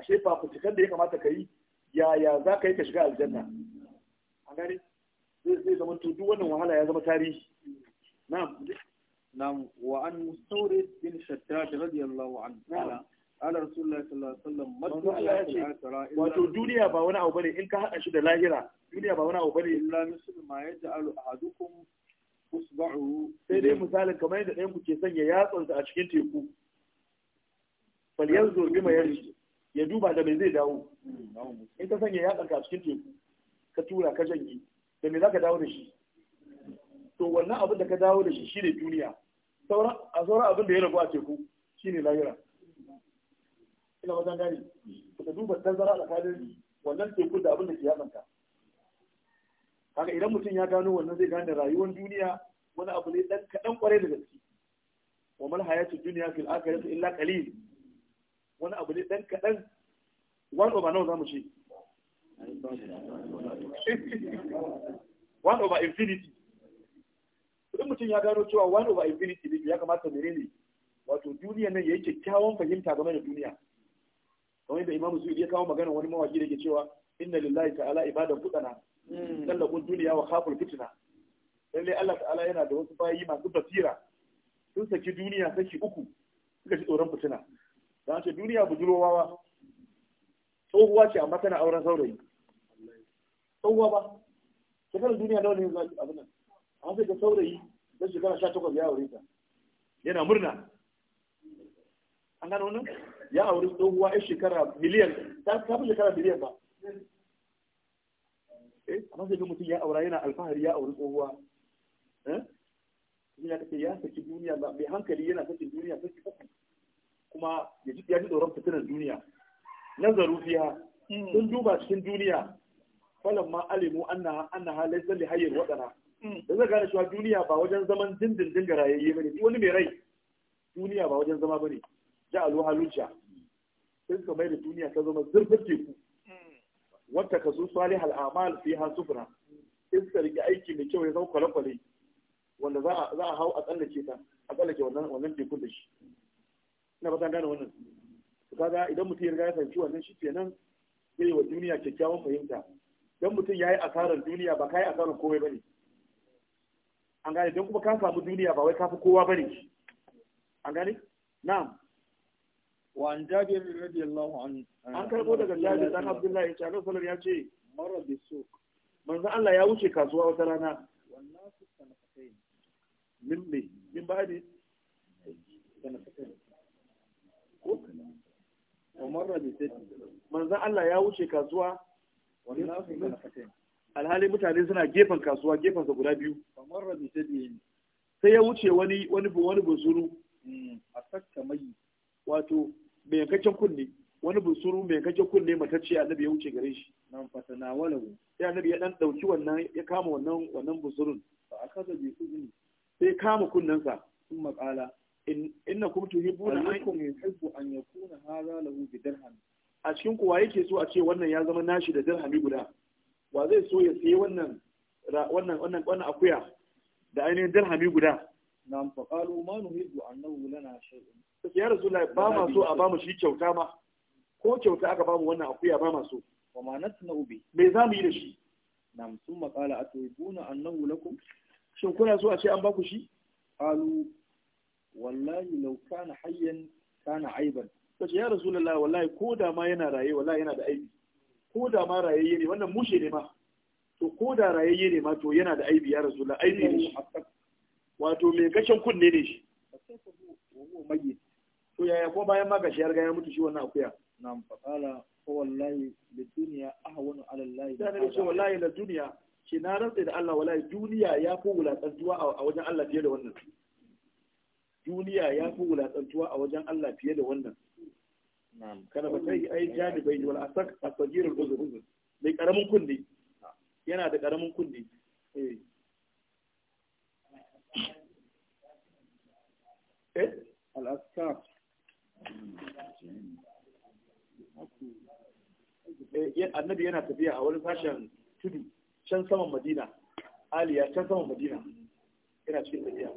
ashe fafutukan da ya kamata ka yi yaya za ka yi ka shiga aljanna an gani zai zama to duk wannan wahala ya zama tarihi na'am na'am wa an mustawri bin shaddad radiyallahu anhu na'am ala rasulullahi sallallahu alaihi wasallam madu ala al-akhirah wato duniya ba wani abu bane in ka hada shi da lahira duniya ba wani abu bane illa mislu ma yaj'alu ahadukum usba'u sai dai misalin kamar yadda ɗayan ku ke sanya yatsansa a cikin teku falyanzur bima yarji ya duba da mai zai dawo hmm. in ka sanya ya a cikin teku ka tura ka janye da me za ka dawo da shi to wannan abin da ka dawo da shi shi ne duniya a sauran abin da ya rabu a teku shi ne lahira ina wajen gani ka duba tazara tsakanin wannan teku da abin da ke yatsanka haka idan mutum ya gano wannan zai gane rayuwar duniya wani abu ne ɗan kaɗan kwarai da gaske wa mal hayatu duniya fil akhirati illa qalil wani abu ne dan kaɗan one over nawa za mu ce one over infinity kudin mutum ya gano cewa one over infinity ne ya kamata mere ne wato duniya nan ya yi kyakkyawan fahimta game da duniya kamar yadda imamu zuwa ya kawo magana wani mawaki da ke cewa inna lillahi ta'ala ibadan kudana hmm. tallafin duniya wa khaful fitna lallai Allah ta'ala yana da wasu bayi masu basira sun saki duniya saki uku suka ci tsoron fitina za ce duniya bujurowa ba tsohuwa ce amma tana auren saurayi tsohuwa ba shekarar duniya nawa ne yin zafi abin nan an sai ka saurayi na shekara sha takwas ya aure ta yana murna an gano nan ya aure tsohuwa ya shekara miliyan ta fi shekara miliyan ba eh amma sai ga mutum ya aura yana alfahari ya aure tsohuwa eh ya ce ya saki duniya ba mai hankali yana saki duniya saki kuma ya ji tsoron fitinar duniya nazaru fiya. Hmm. sun duba cikin duniya falan ma alimu anna anna halai zalli hayyar wadana hmm. da zai gane cewa duniya ba wajen zaman dindindin ga rayayye bane duk wani mai rai duniya ba wajen zama bane ja alu haluja sai Sun mai da duniya ta zama zurfin teku hmm. wata ka zo salih al'amal fi ha sufra sai ka rike aiki mai kyau ya zama kwale-kwale wanda za a hau a tsallake ta a tsallake wannan tekun da shi na bazan gane wannan kaga idan mutum ya riga ya fahimci wannan shi kenan zai yi wa duniya kyakkyawan fahimta dan mutum ya yi asarar duniya ba ka yi asarar komai ba ne an gane don kuma ka samu duniya ba wai ka fi kowa ba ne an gane na'am wa an jabir radiyallahu anhu an karbo daga jabir dan abdullahi ya ce sallar ya ce marar bi manzo Allah ya wuce kasuwa wata rana wannan su sanatayn min me min ba'di sanatayn ko Allah ya wuce kasuwa alhali mutane suna gefen kasuwa gefen sa guda biyu sai ya wuce wani wani wani bunsuru hmm, a sakka mai wato mai yankaccen kunne wani bunsuru mai yankaccen kunne matacce annabi ya wuce gare shi nan fatana walahu sai annabi ya dan dauki wannan ya kama wannan wannan bunsurun fa akaza bi kunni sai kama kunnansa sun maƙala In innakum tuhibbuna an yuhibbu an yakuna hadha lahu bi dirham a cikin kowa yake so a ce wannan ya zama nashi da dirhami guda wa zai so ya sayi wannan wannan wannan wannan akuya da ainihin dirhami guda nam fa qalu ma nuhibbu annahu lana shay'un ya rasulullahi ba ma so a ba mu shi kyauta ma ko kyauta aka ba mu wannan akuya ba ma so wa ma natna'u bi me za mu yi da shi nam summa qala atuhibuna annahu lakum shin kuna so a ce an ba ku shi qalu wallahi law kana hayyan kana aiban sai ya rasulullah wallahi ko da ma yana raye wallahi yana da aibi ko da ma rayayye ne wannan mushe ne ma to ko da rayayye ne ma to yana da aibi ya rasulullah aibi ne shi wato mai gashin kunne ne shi to yaya ko bayan ma gashi ya riga ya mutu shi wannan akuya na'am faqala fa wallahi lidunya ahwanu ala allahi da ne ce wallahi lidunya shi na rantsa da Allah wallahi duniya ya fi wulakantuwa a wajen Allah fiye da wannan duniya ya fi wulatsantuwa a wajen Allah fiye da wannan Kana ba sai ai ne, wala asak asajirul uzur mai karamin kunne. yana da karamin kunne. eh eh al asak eh, annabi yana tafiya a wani sashen tudu can saman madina aliya can saman madina yana cikin tafiya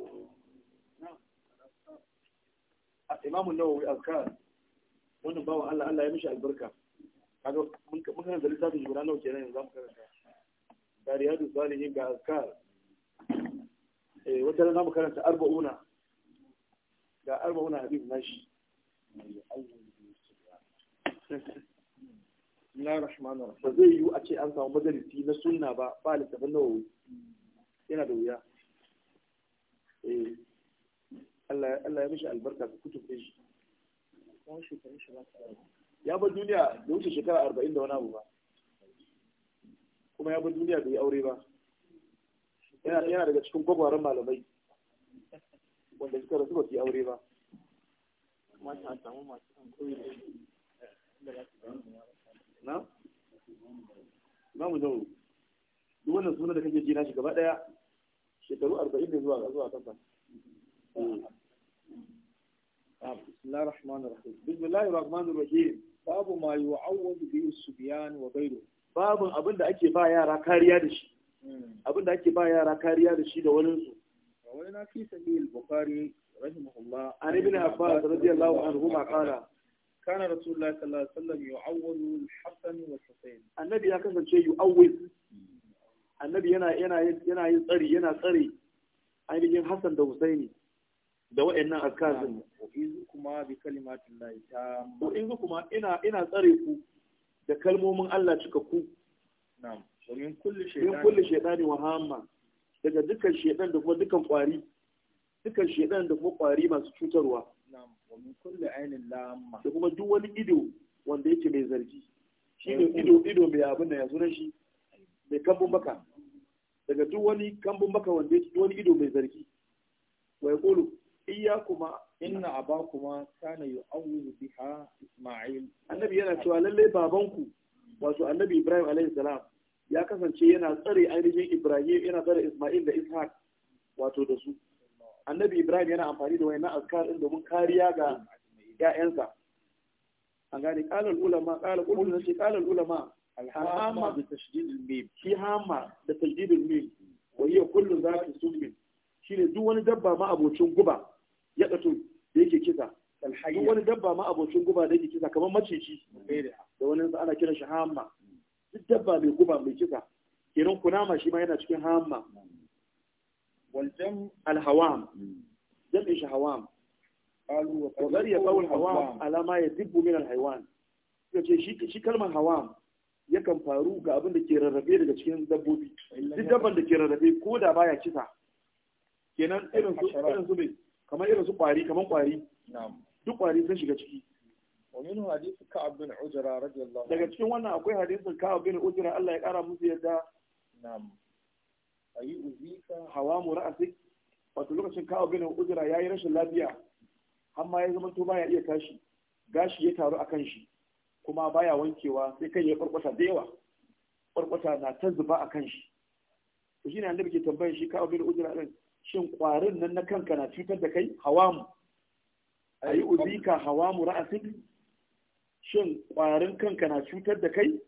imamun nawawi azkar wannan bawan Allah Allah ya mishi albarka kaga mun kan da littafin guda nawa kenan yanzu za mu karanta da riyadu salihin ga azkar eh wata ran mu karanta arba'una ga arba'una hadith nashi na rahmanu rahim ba zai yiwu a ce an samu majalisi na sunna ba ba littafin nawawi yana da wuya eh Allah ya mishi albarka ka kutube shi ya bar duniya da wuce shekara arba'in da wani abu ba kuma ya bar duniya da yi aure ba yana daga cikin gwagwaran malamai wanda suka rasu ba su yi aure ba na? Na mu zauru duk wannan suna da kake ji na shi gaba ɗaya shekaru arba'in da zuwa zuwa kasa الله الرحمن الرحيم بسم الله الرحمن الرحيم باب ما يعوض به الصبيان وغيره باب abin da ake ba yara kariya da shi hmm. abin da ake ba yara kariya da shi da wani su na fi sahih al-bukhari rahimahullah an ibn abbas radiyallahu anhu ma qala kana rasulullahi sallallahu alaihi wasallam yu'awwadu al-hasan wa al-husayn annabi ya kasance yu'awwid annabi yana yana yana yin tsari yana tsare ainihin Hassan da husaini da wa'annan akazin izu kuma bi kalimatin lahi ta izu kuma ina ina tsare ku da kalmomin Allah cika ku na'am min kulli shaytan min kulli shaytani wa hamma daga dukkan shaytan da kuma dukkan kwari dukkan shaytan da kuma kwari masu cutarwa na'am wa kulli ainin lamma da kuma duk wani ido wanda yake mai zargi shi ne ido ido mai abin da ya sunan shi mai kambun baka daga duk wani kambun baka wanda yake wani ido mai zargi wa yaqulu iyakuma inna abakuma kana yu'awwidu biha Isma'il annabi yana cewa lalle babanku wato annabi Ibrahim alayhi salam ya kasance yana tsare ainihin Ibrahim yana tsare Isma'il da Ishaq wato da su annabi Ibrahim yana amfani da wayannan azkar din domin kariya ga ƴaƴansa an gane qalal ulama qala ulama shi qalal ulama alhamma bi tashdid al-mim shi hamma da tashdid al-mim wa hiya kullu zati sumin shine duk wani dabba ma abocin guba ya ɗato da yake kisa duk wani dabba ma abokin guba da yake kisa kamar maciji da wani ana kiran shi hamma duk dabba mai guba mai kisa kenan kunama shi ma yana cikin hamma Waljan alhawam hmm. jam'in shi hawam wa ya kawo hawam alama ya dibbu min alhaiwan suka ce shi kalmar hawam yakan faru ga abin da ke rarrabe daga cikin dabbobi duk dabban da ke rarrabe ko da baya kisa kenan irin su irin su kamar irin su kwari kamar kwari duk kwari sun shiga ciki ومنه حديث كعب بن عجرة رضي الله عنه. لكن وانا اكو حديث كعب بن عجرة الله يقرا مزي يدا نعم اي اذيك حوام راسك wato lokacin kawo bin ujira ya yi rashin lafiya amma ya zama to baya iya tashi gashi ya taru a kan shi kuma baya wankewa sai kan ya kwarkwata da yawa kwarkwata na ta zuba a kan shi to shine annabi ke tambayar shi kawo bin ujira din shin ƙwarin nan na kanka na cutar da kai hawamu a yi uzika hawamu ra'asik shin ƙwarin kanka na cutar da kai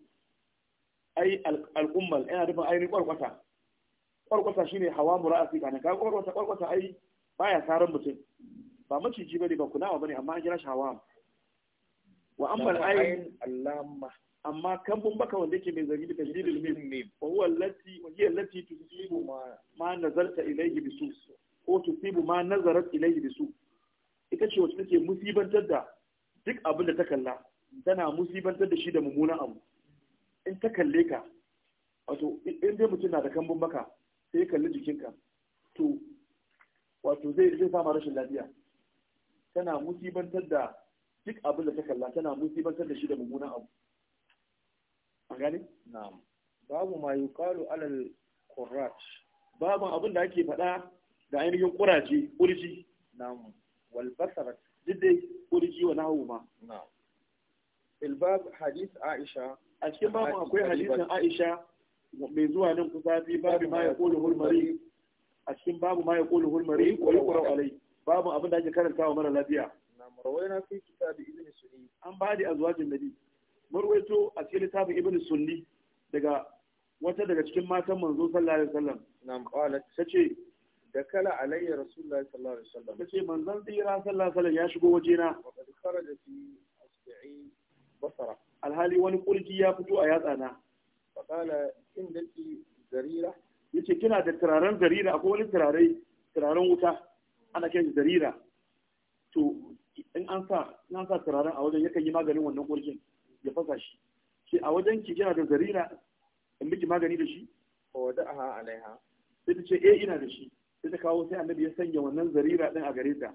ai al'ummal yana nufin ainihin Kwarkwata ƙwarƙwasa shine hawamu ra'asik ana kaga kwarkwata kwarkwata ai baya saran mutum ba maciji bane ba kulawa bane amma an kira shi hawamu wa amma ainihin allamma amma kambun baka wanda yake mai zargi da tajdidil mim fa huwa allati wa hiya allati tusibu ma ma nazarta ilayhi bisu ko tusibu ma nazarat ilayhi bisu ita ce wacce take musibantar da duk abin da ta kalla tana musibantar da shi da mummunan abu in ta kalle ka wato in dai mutum na da kambun baka sai ya kalli jikinka to wato zai zai fama rashin lafiya tana musibantar da duk abin da ta kalla tana musibantar da shi da mummunan abu gani? na'am babu ma yuqalu alal qurrat babu abin da ake faɗa da ainihin ƙuraje kurji na'am wal basar didde kurji wa nahu ma na'am fil bab hadith aisha a cikin babu akwai hadithin aisha mai zuwa nan kusa bi babu ma yaqulu hul mari. a cikin babu ma yaqulu hul mari ko yuqra alai babu abin da ake karantawa mara lafiya na rawaina fi kitabi ibn suhaib an ba da azwajin nabi marwaito a cikin littafin ibn sunni daga wata daga cikin matan manzo sallallahu alaihi wasallam na'am qalat tace da kala alayya rasulullahi sallallahu alaihi wasallam tace manzon tsira sallallahu alaihi wasallam ya shigo wajena wa kharaja fi asbi'i basara alhali wani kurji ya fito a na fa qala indaki zarira yace kina da turaren zarira akwai wani turare turaren wuta ana kiran zarira to in an sa in an sa turaren a wajen yakan yi maganin wannan kurjin ya fasa shi ke a wajen ki kina da zarira in miki magani da shi da aha alaiha sai ta ce eh ina da shi sai ta kawo sai annabi ya sanya wannan zarira din a gare ta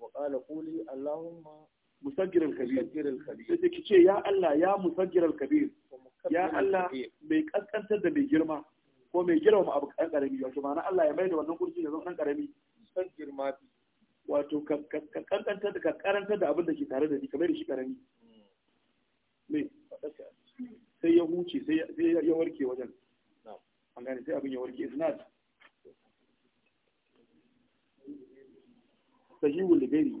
wa qala quli allahumma musaggiral kabir sai ki ce ya Allah ya musaggiral kabir ya Allah mai kaskantar da mai girma ko mai girma abu kan karami wato ma'ana Allah ya mai da wannan kursi ya zama dan karami san girma wato ka kankantar da ka karantar da abin da ke tare da ni kamar shi karami me sai ya huce sai ya warke wajen an gane sai abin ya warke isnad sahihu liberi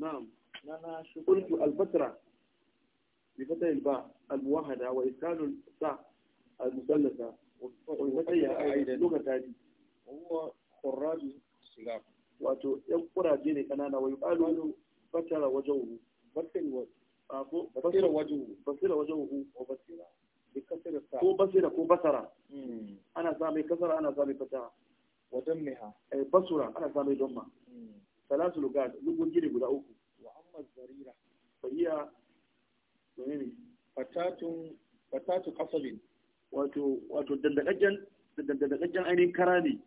نعم قلت البتراء بفتح الباء الموحدة وإسكان الساء المثلثة والفقية أيضا لغة تالي وهو خراج السلاح وأتو يقرأ جيني كنانا ويقال بكر وجهه بكر بصير وجهه بصير وجهه وبصير بكسر الساعة كو بصير كو بصرة أنا سامي كسر أنا سامي فتاة ودمها أي بصرة أنا سامي دمها ثلاث لغات لغة جيني قد أوكو وأما الزريرة فهي منيني فتاة فتاة قصب wato wato ainihin kara ne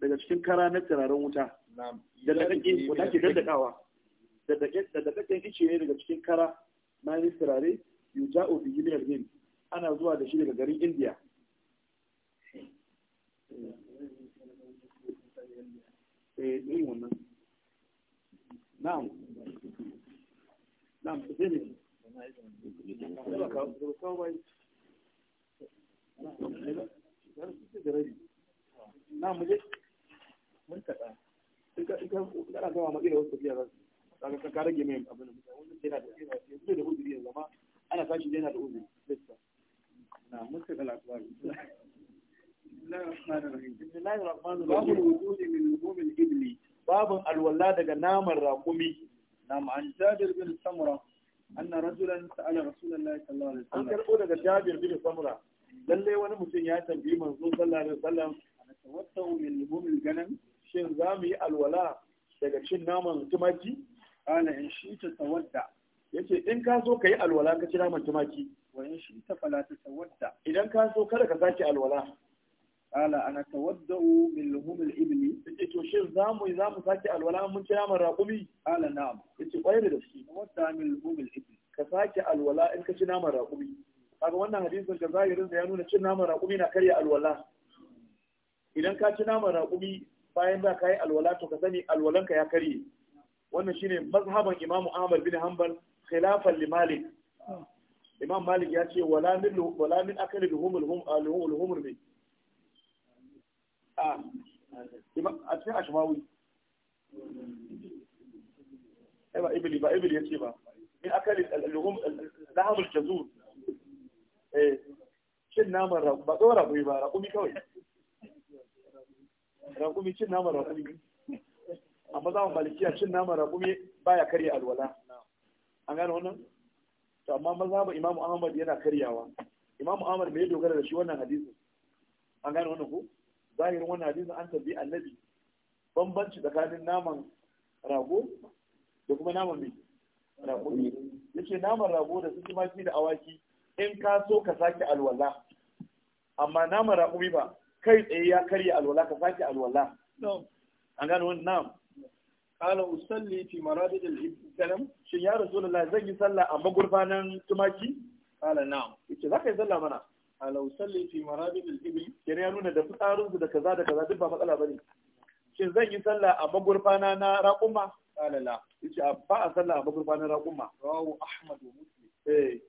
daga cikin kara na turaren wuta dandakawa ice ne daga cikin kara na ainihin turare yuja bi jimiyar ana zuwa da shi daga garin india. Eh, na'am na'am ne na muje mun taɓa in ka kana gama matsira wasu tafiya za su ka ka rage mai abin da mutane yana da yana da da uzuri yanzu amma ana tashi yana da uzuri gaskiya na mun taɓa labarin babun wujudi min lubumin ibli babun alwala daga naman raƙumi na ma'an jabir bin samura anna rajulan sa'ala rasulullahi sallallahu alaihi wasallam an karɓo daga jabir bin samura lalle wani mutum ya tambayi manzon sallallahu alaihi wasallam tawattau min lumumil ganam shin za mu yi alwala daga cin naman tumaki ana in shi ta tawadda yace in ka so ka yi alwala ka ci naman tumaki wa in shi ta fala ta tawadda idan ka so kada ka sake alwala ala ana tawaddau min lumumil ibli yace to shin za mu za mu sake alwala mun ci naman raƙumi ala na'am yace kwai da shi tawadda min lumumil ibli ka sake alwala in ka ci naman raƙumi kaga wannan hadisin da zahirin da ya nuna cin naman raƙumi na karya alwala idan ka ci naman raƙumi bayan da ka yi alwala to ka sani alwalanka ya karye wannan shine mazhaban imamu ahmad bin hanbal khilafan li malik imam malik ya ce wala min wala min akali luhumul hum luhumul humur bi a ah. a cikin ashmawi ai ba ibli ba ibli ce ba min akali alhum lahamul jazur Eh, cin naman raƙumi ba tsawon raƙumi ba raƙumi kawai raƙumi cin naman raƙumi amma za malikiya cin naman raƙumi baya karya alwala an gano wannan to amma mazhaba imamu ahmad yana karyawa imamu ahmad mai dogara da shi wannan hadisin an gano wannan ko zahirin wannan hadisin an tabbi annabi bambanci tsakanin naman rago da kuma naman mai raƙumi yace naman rago da su tumaki da awaki in ka so ka sake alwala amma na mara raƙumi ba kai tsaye ya karya alwala ka sake alwala an gano wani nam kala usalli fi da al-ibtilam shin ya rasulullah zan yi sallah a magurfanan tumaki kala nam za ka yi sallah mana kala usalli fi maradu da ibil kire ya nuna da fitsarin su da kaza da kaza duk ba matsala bane shin zan yi sallah a magurfana na raƙuma kala la ita ba a sallah a magurfanan raƙuma rawu ahmad wa muslim eh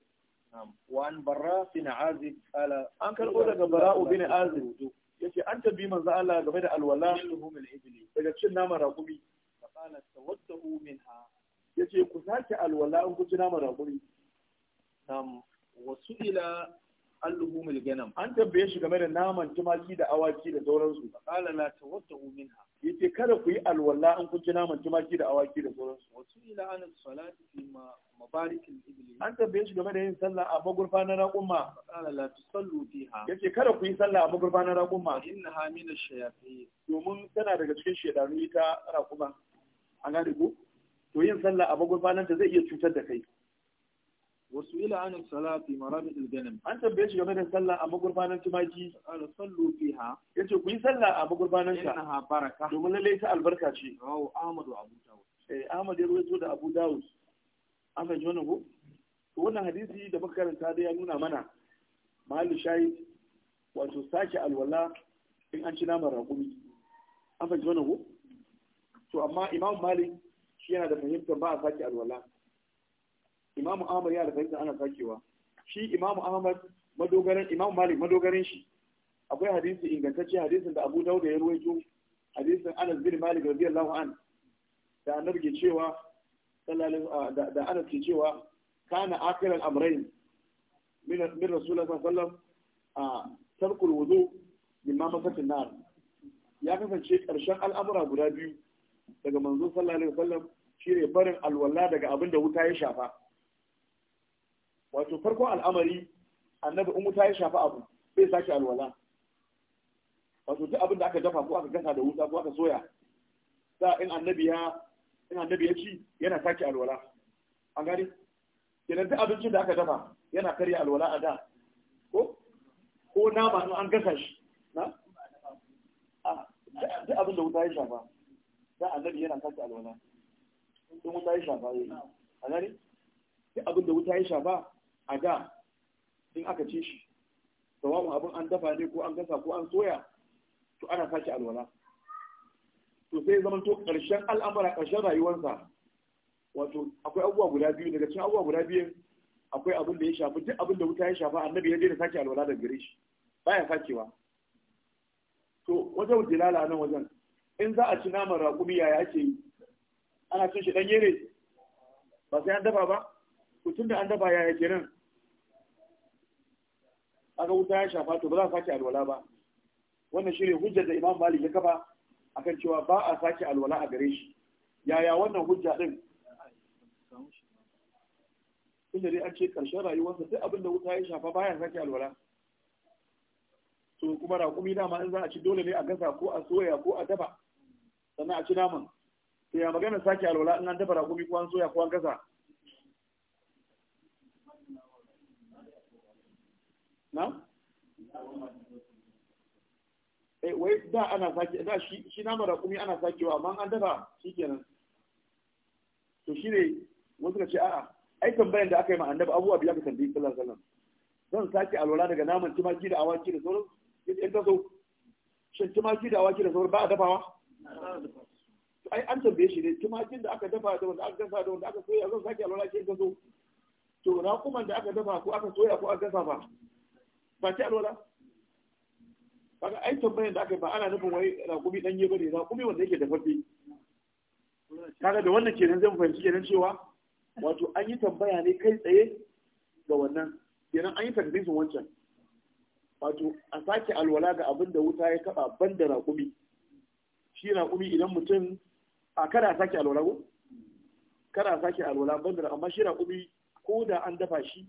وعن براء بن عازب an karɓo daga Bala'u bin azib yace an tafi manzo Allah game da alwala daga cin naman ragumi faqala tawaddahu yace ku sake alwala in ku ci naman ragumi alluhumul ganam an tambaye shi game da naman tumaki da awaki da sauransu qala la tawaddu minha yace kada ku yi alwala an kun naman tumaki da awaki da sauransu wasu ila an salati fi ma mabarikin ibli an tambaye shi game da yin sallah a magurfa na raqumma qala la tusallu fiha yace kada ku yi sallah a magurfa na raqumma innaha min ash-shayatin domin tana daga cikin shedanu ita raquma an gane ko to yin sallah a magurfa nan ta zai iya cutar da kai wasu ila an salati marabit al-ganam an tambaye shi game da sallah a magurbanan tumaki ala sallu Ya ce ku yi sallah a magurbanan ta innaha baraka domin lalle ta albarka ce rawu ahmad wa abu dawud eh ahmad ya rawaito da abu dawud an fahimci wani ko to wannan hadisi da muka karanta da ya nuna mana mahallu shayi, wato sake alwala in an ci naman raƙumi an fahimci wannan ko to amma imam malik shi yana da fahimtar ba a sake alwala imamu ahmad ya da ana sakewa shi imamu ahmad madogaran imamu malik madogaran shi akwai hadisi ingantacce hadisin da abu dauda ya ruwaito hadisin anas bin malik radiyallahu an da annabi ke cewa da anas ke cewa kana akiran amrain min rasulullah sallallahu a tarkul wudu min ma nar ya kasance karshen al'amura guda biyu daga manzon sallallahu alaihi wasallam shine barin alwala daga abin da wuta ya shafa wato farkon al'amari annabi in wuta ya shafa abu bai sake alwala wato duk abin da aka dafa ko aka gasa da wuta ko aka soya da in annabi ya in annabi ya ci yana sake alwala an gani kenan duk abincin da aka dafa yana karya alwala a da ko ko nama in an gasa shi na duk abin da wuta ya shafa da annabi yana sake alwala in wuta ya shafa yayi a gani duk abin da wuta ya shafa a da in aka ci shi sawa'un abin an dafa ne ko an gasa ko an soya to ana sake alwala to sai zama to ƙarshen al'amura ƙarshen rayuwarsa wato akwai abubuwa guda biyu daga cikin abubuwa guda biyu akwai abin da ya shafi duk abin da wuta ya shafa annabi ya daina sake alwala daga gare shi baya sakewa to wajen jilala nan wajen in za a ci naman raƙumi yaya ake yi ana cin shi ɗanye ne ba sai an dafa ba to da an dafa yaya kenan kaga wuta ya shafa to ba za a sake alwala ba wannan ne hujjar da Imam Malik ya kafa akan cewa ba a sake alwala a gare shi yaya wannan hujja din tunda dai an ce karshen rayuwarsa duk abin da wuta ya shafa baya sake alwala to kuma raƙumi dama in za a ci dole ne a gasa ko a soya ko a dafa sannan a ci naman to ya magana sake alwala in an dafa raƙumi ko an soya ko an gasa na? Eh, wai da ana sake da shi shi nama da kuma ana sakewa amma an dafa kenan. to shi ne wasu ka ce a'a ai tambayan da aka yi ma annabi abubuwa biya ka tambayi sallallahu alaihi wasallam zan sake alwala daga naman tumaki da awaki da sauran in ta so shin tumaki da awaki da sauran ba a dafawa ai an tambaye shi ne tumakin da aka dafa da wanda aka gasa da wanda aka soya zan sake alwala ke ta so to kuma da aka dafa ko aka soya ko aka gasa fa ba ce alwala kaga ai tambayar da aka yi ba ana nufin wai raƙumi ɗanye ba ne raƙumi wanda yake da fafi kaga da wannan kenan zan fahimci kenan cewa wato an yi tambaya ne kai tsaye ga wannan kenan an yi takdisin wancan wato a sake alwala ga abin da wuta ya kaba ban da raƙumi shi raƙumi idan mutum a kada sake alwala ko kada sake alwala ban da amma shi raƙumi ko da an dafa shi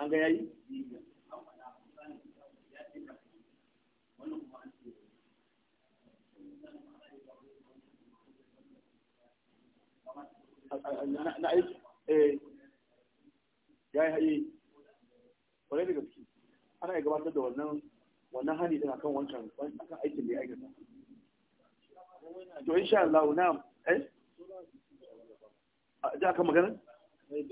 an ga yayi na aiki eh ya yi haye kwarai da gaske ana iya gabatar da wannan wannan hani din akan wancan akan aikin da ya aikata to insha Allah na eh a ji aka magana eh,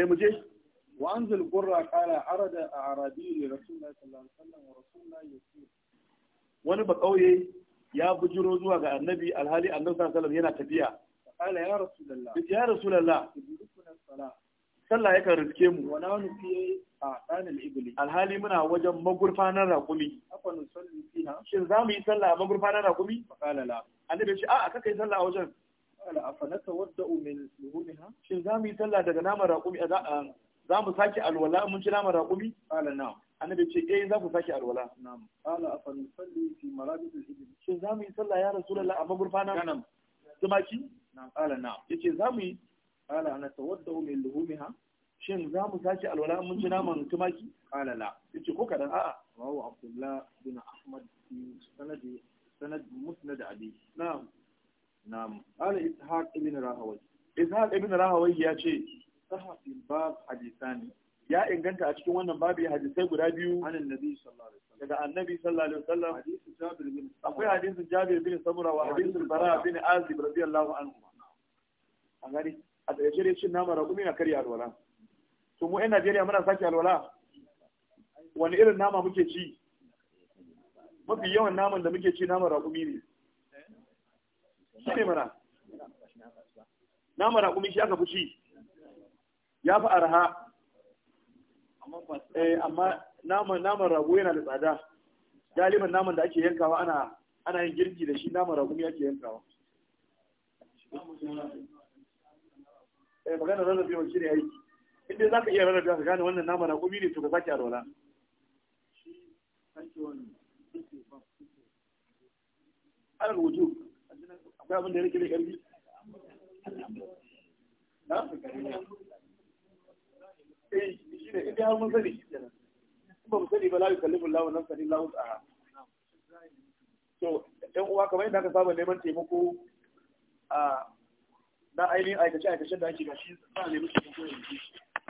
eh mu je وأنزل القرى قال عرض أعرابي لرسول الله صلى الله عليه وسلم ورسول الله يسير wani bakauye ya bujiro zuwa ga annabi alhali annabi sallallahu alaihi yana tafiya qala ya rasulullah ya rasulullah sallah yakan riske mu wa nanu fi aqan al-ibli alhali muna wajen magurfanar raƙumi afa nusalli fiha shin za mu yi sallah a magurfanar raƙumi qala la annabi ya ce a'a kaka yi sallah a wajen qala afa natawadda'u min luhumiha shin za mu yi sallah daga naman raƙumi za mu sake alwala mun ci naman raƙumi Ƙala na. annabi ce eh za ku sake alwala na'am fannin afa nusalli fi da al-ibil shin za mu yi sallah ya rasu rasulullah a magurfana na'am tumaki na'am na. Ya ce za mu yi ta wadda wani luhumi ha. shin za mu sake alwala mun ci naman tumaki na. la ce ko kadan a'a Wawo abdullah bin ahmad fi sanadi sanad musnad ali na'am na'am Ƙala ishaq ibn rahawai ishaq ibn rahawai ya ce sahha bab hadisani ya inganta a cikin wannan babu hadisai guda biyu anan nabi sallallahu alaihi wasallam daga annabi sallallahu alaihi wasallam hadisin jabir bin akwai hadisin jabir bin samura wa hadisin bara bin azib radiyallahu anhu an gani a tsaye shi na mara kuma na karya alwala to mu 'yan Najeriya muna saki alwala wani irin nama muke ci mafi yawan naman da muke ci naman raƙumi ne shi ne mana naman raƙumi shi aka fi ci ya fi arha eh, amma naman rago yana da tsada galiban naman da ake yankawa ana ana yin girki da shi naman rago yake yankawa eh magana rarrabe wa shi ne aiki inda za ka iya rarrabe ka gane wannan naman rago ne to ka sake rola ana rubutu akwai abin da ya rike da karfi eh shi inda har mun sani ba mu sani ba la yukallimu Allahu nafsan illa uwa kamar yadda aka saba neman taimako a na ainihin aikace-aikacen da ake gashi za a nemi taimako yanzu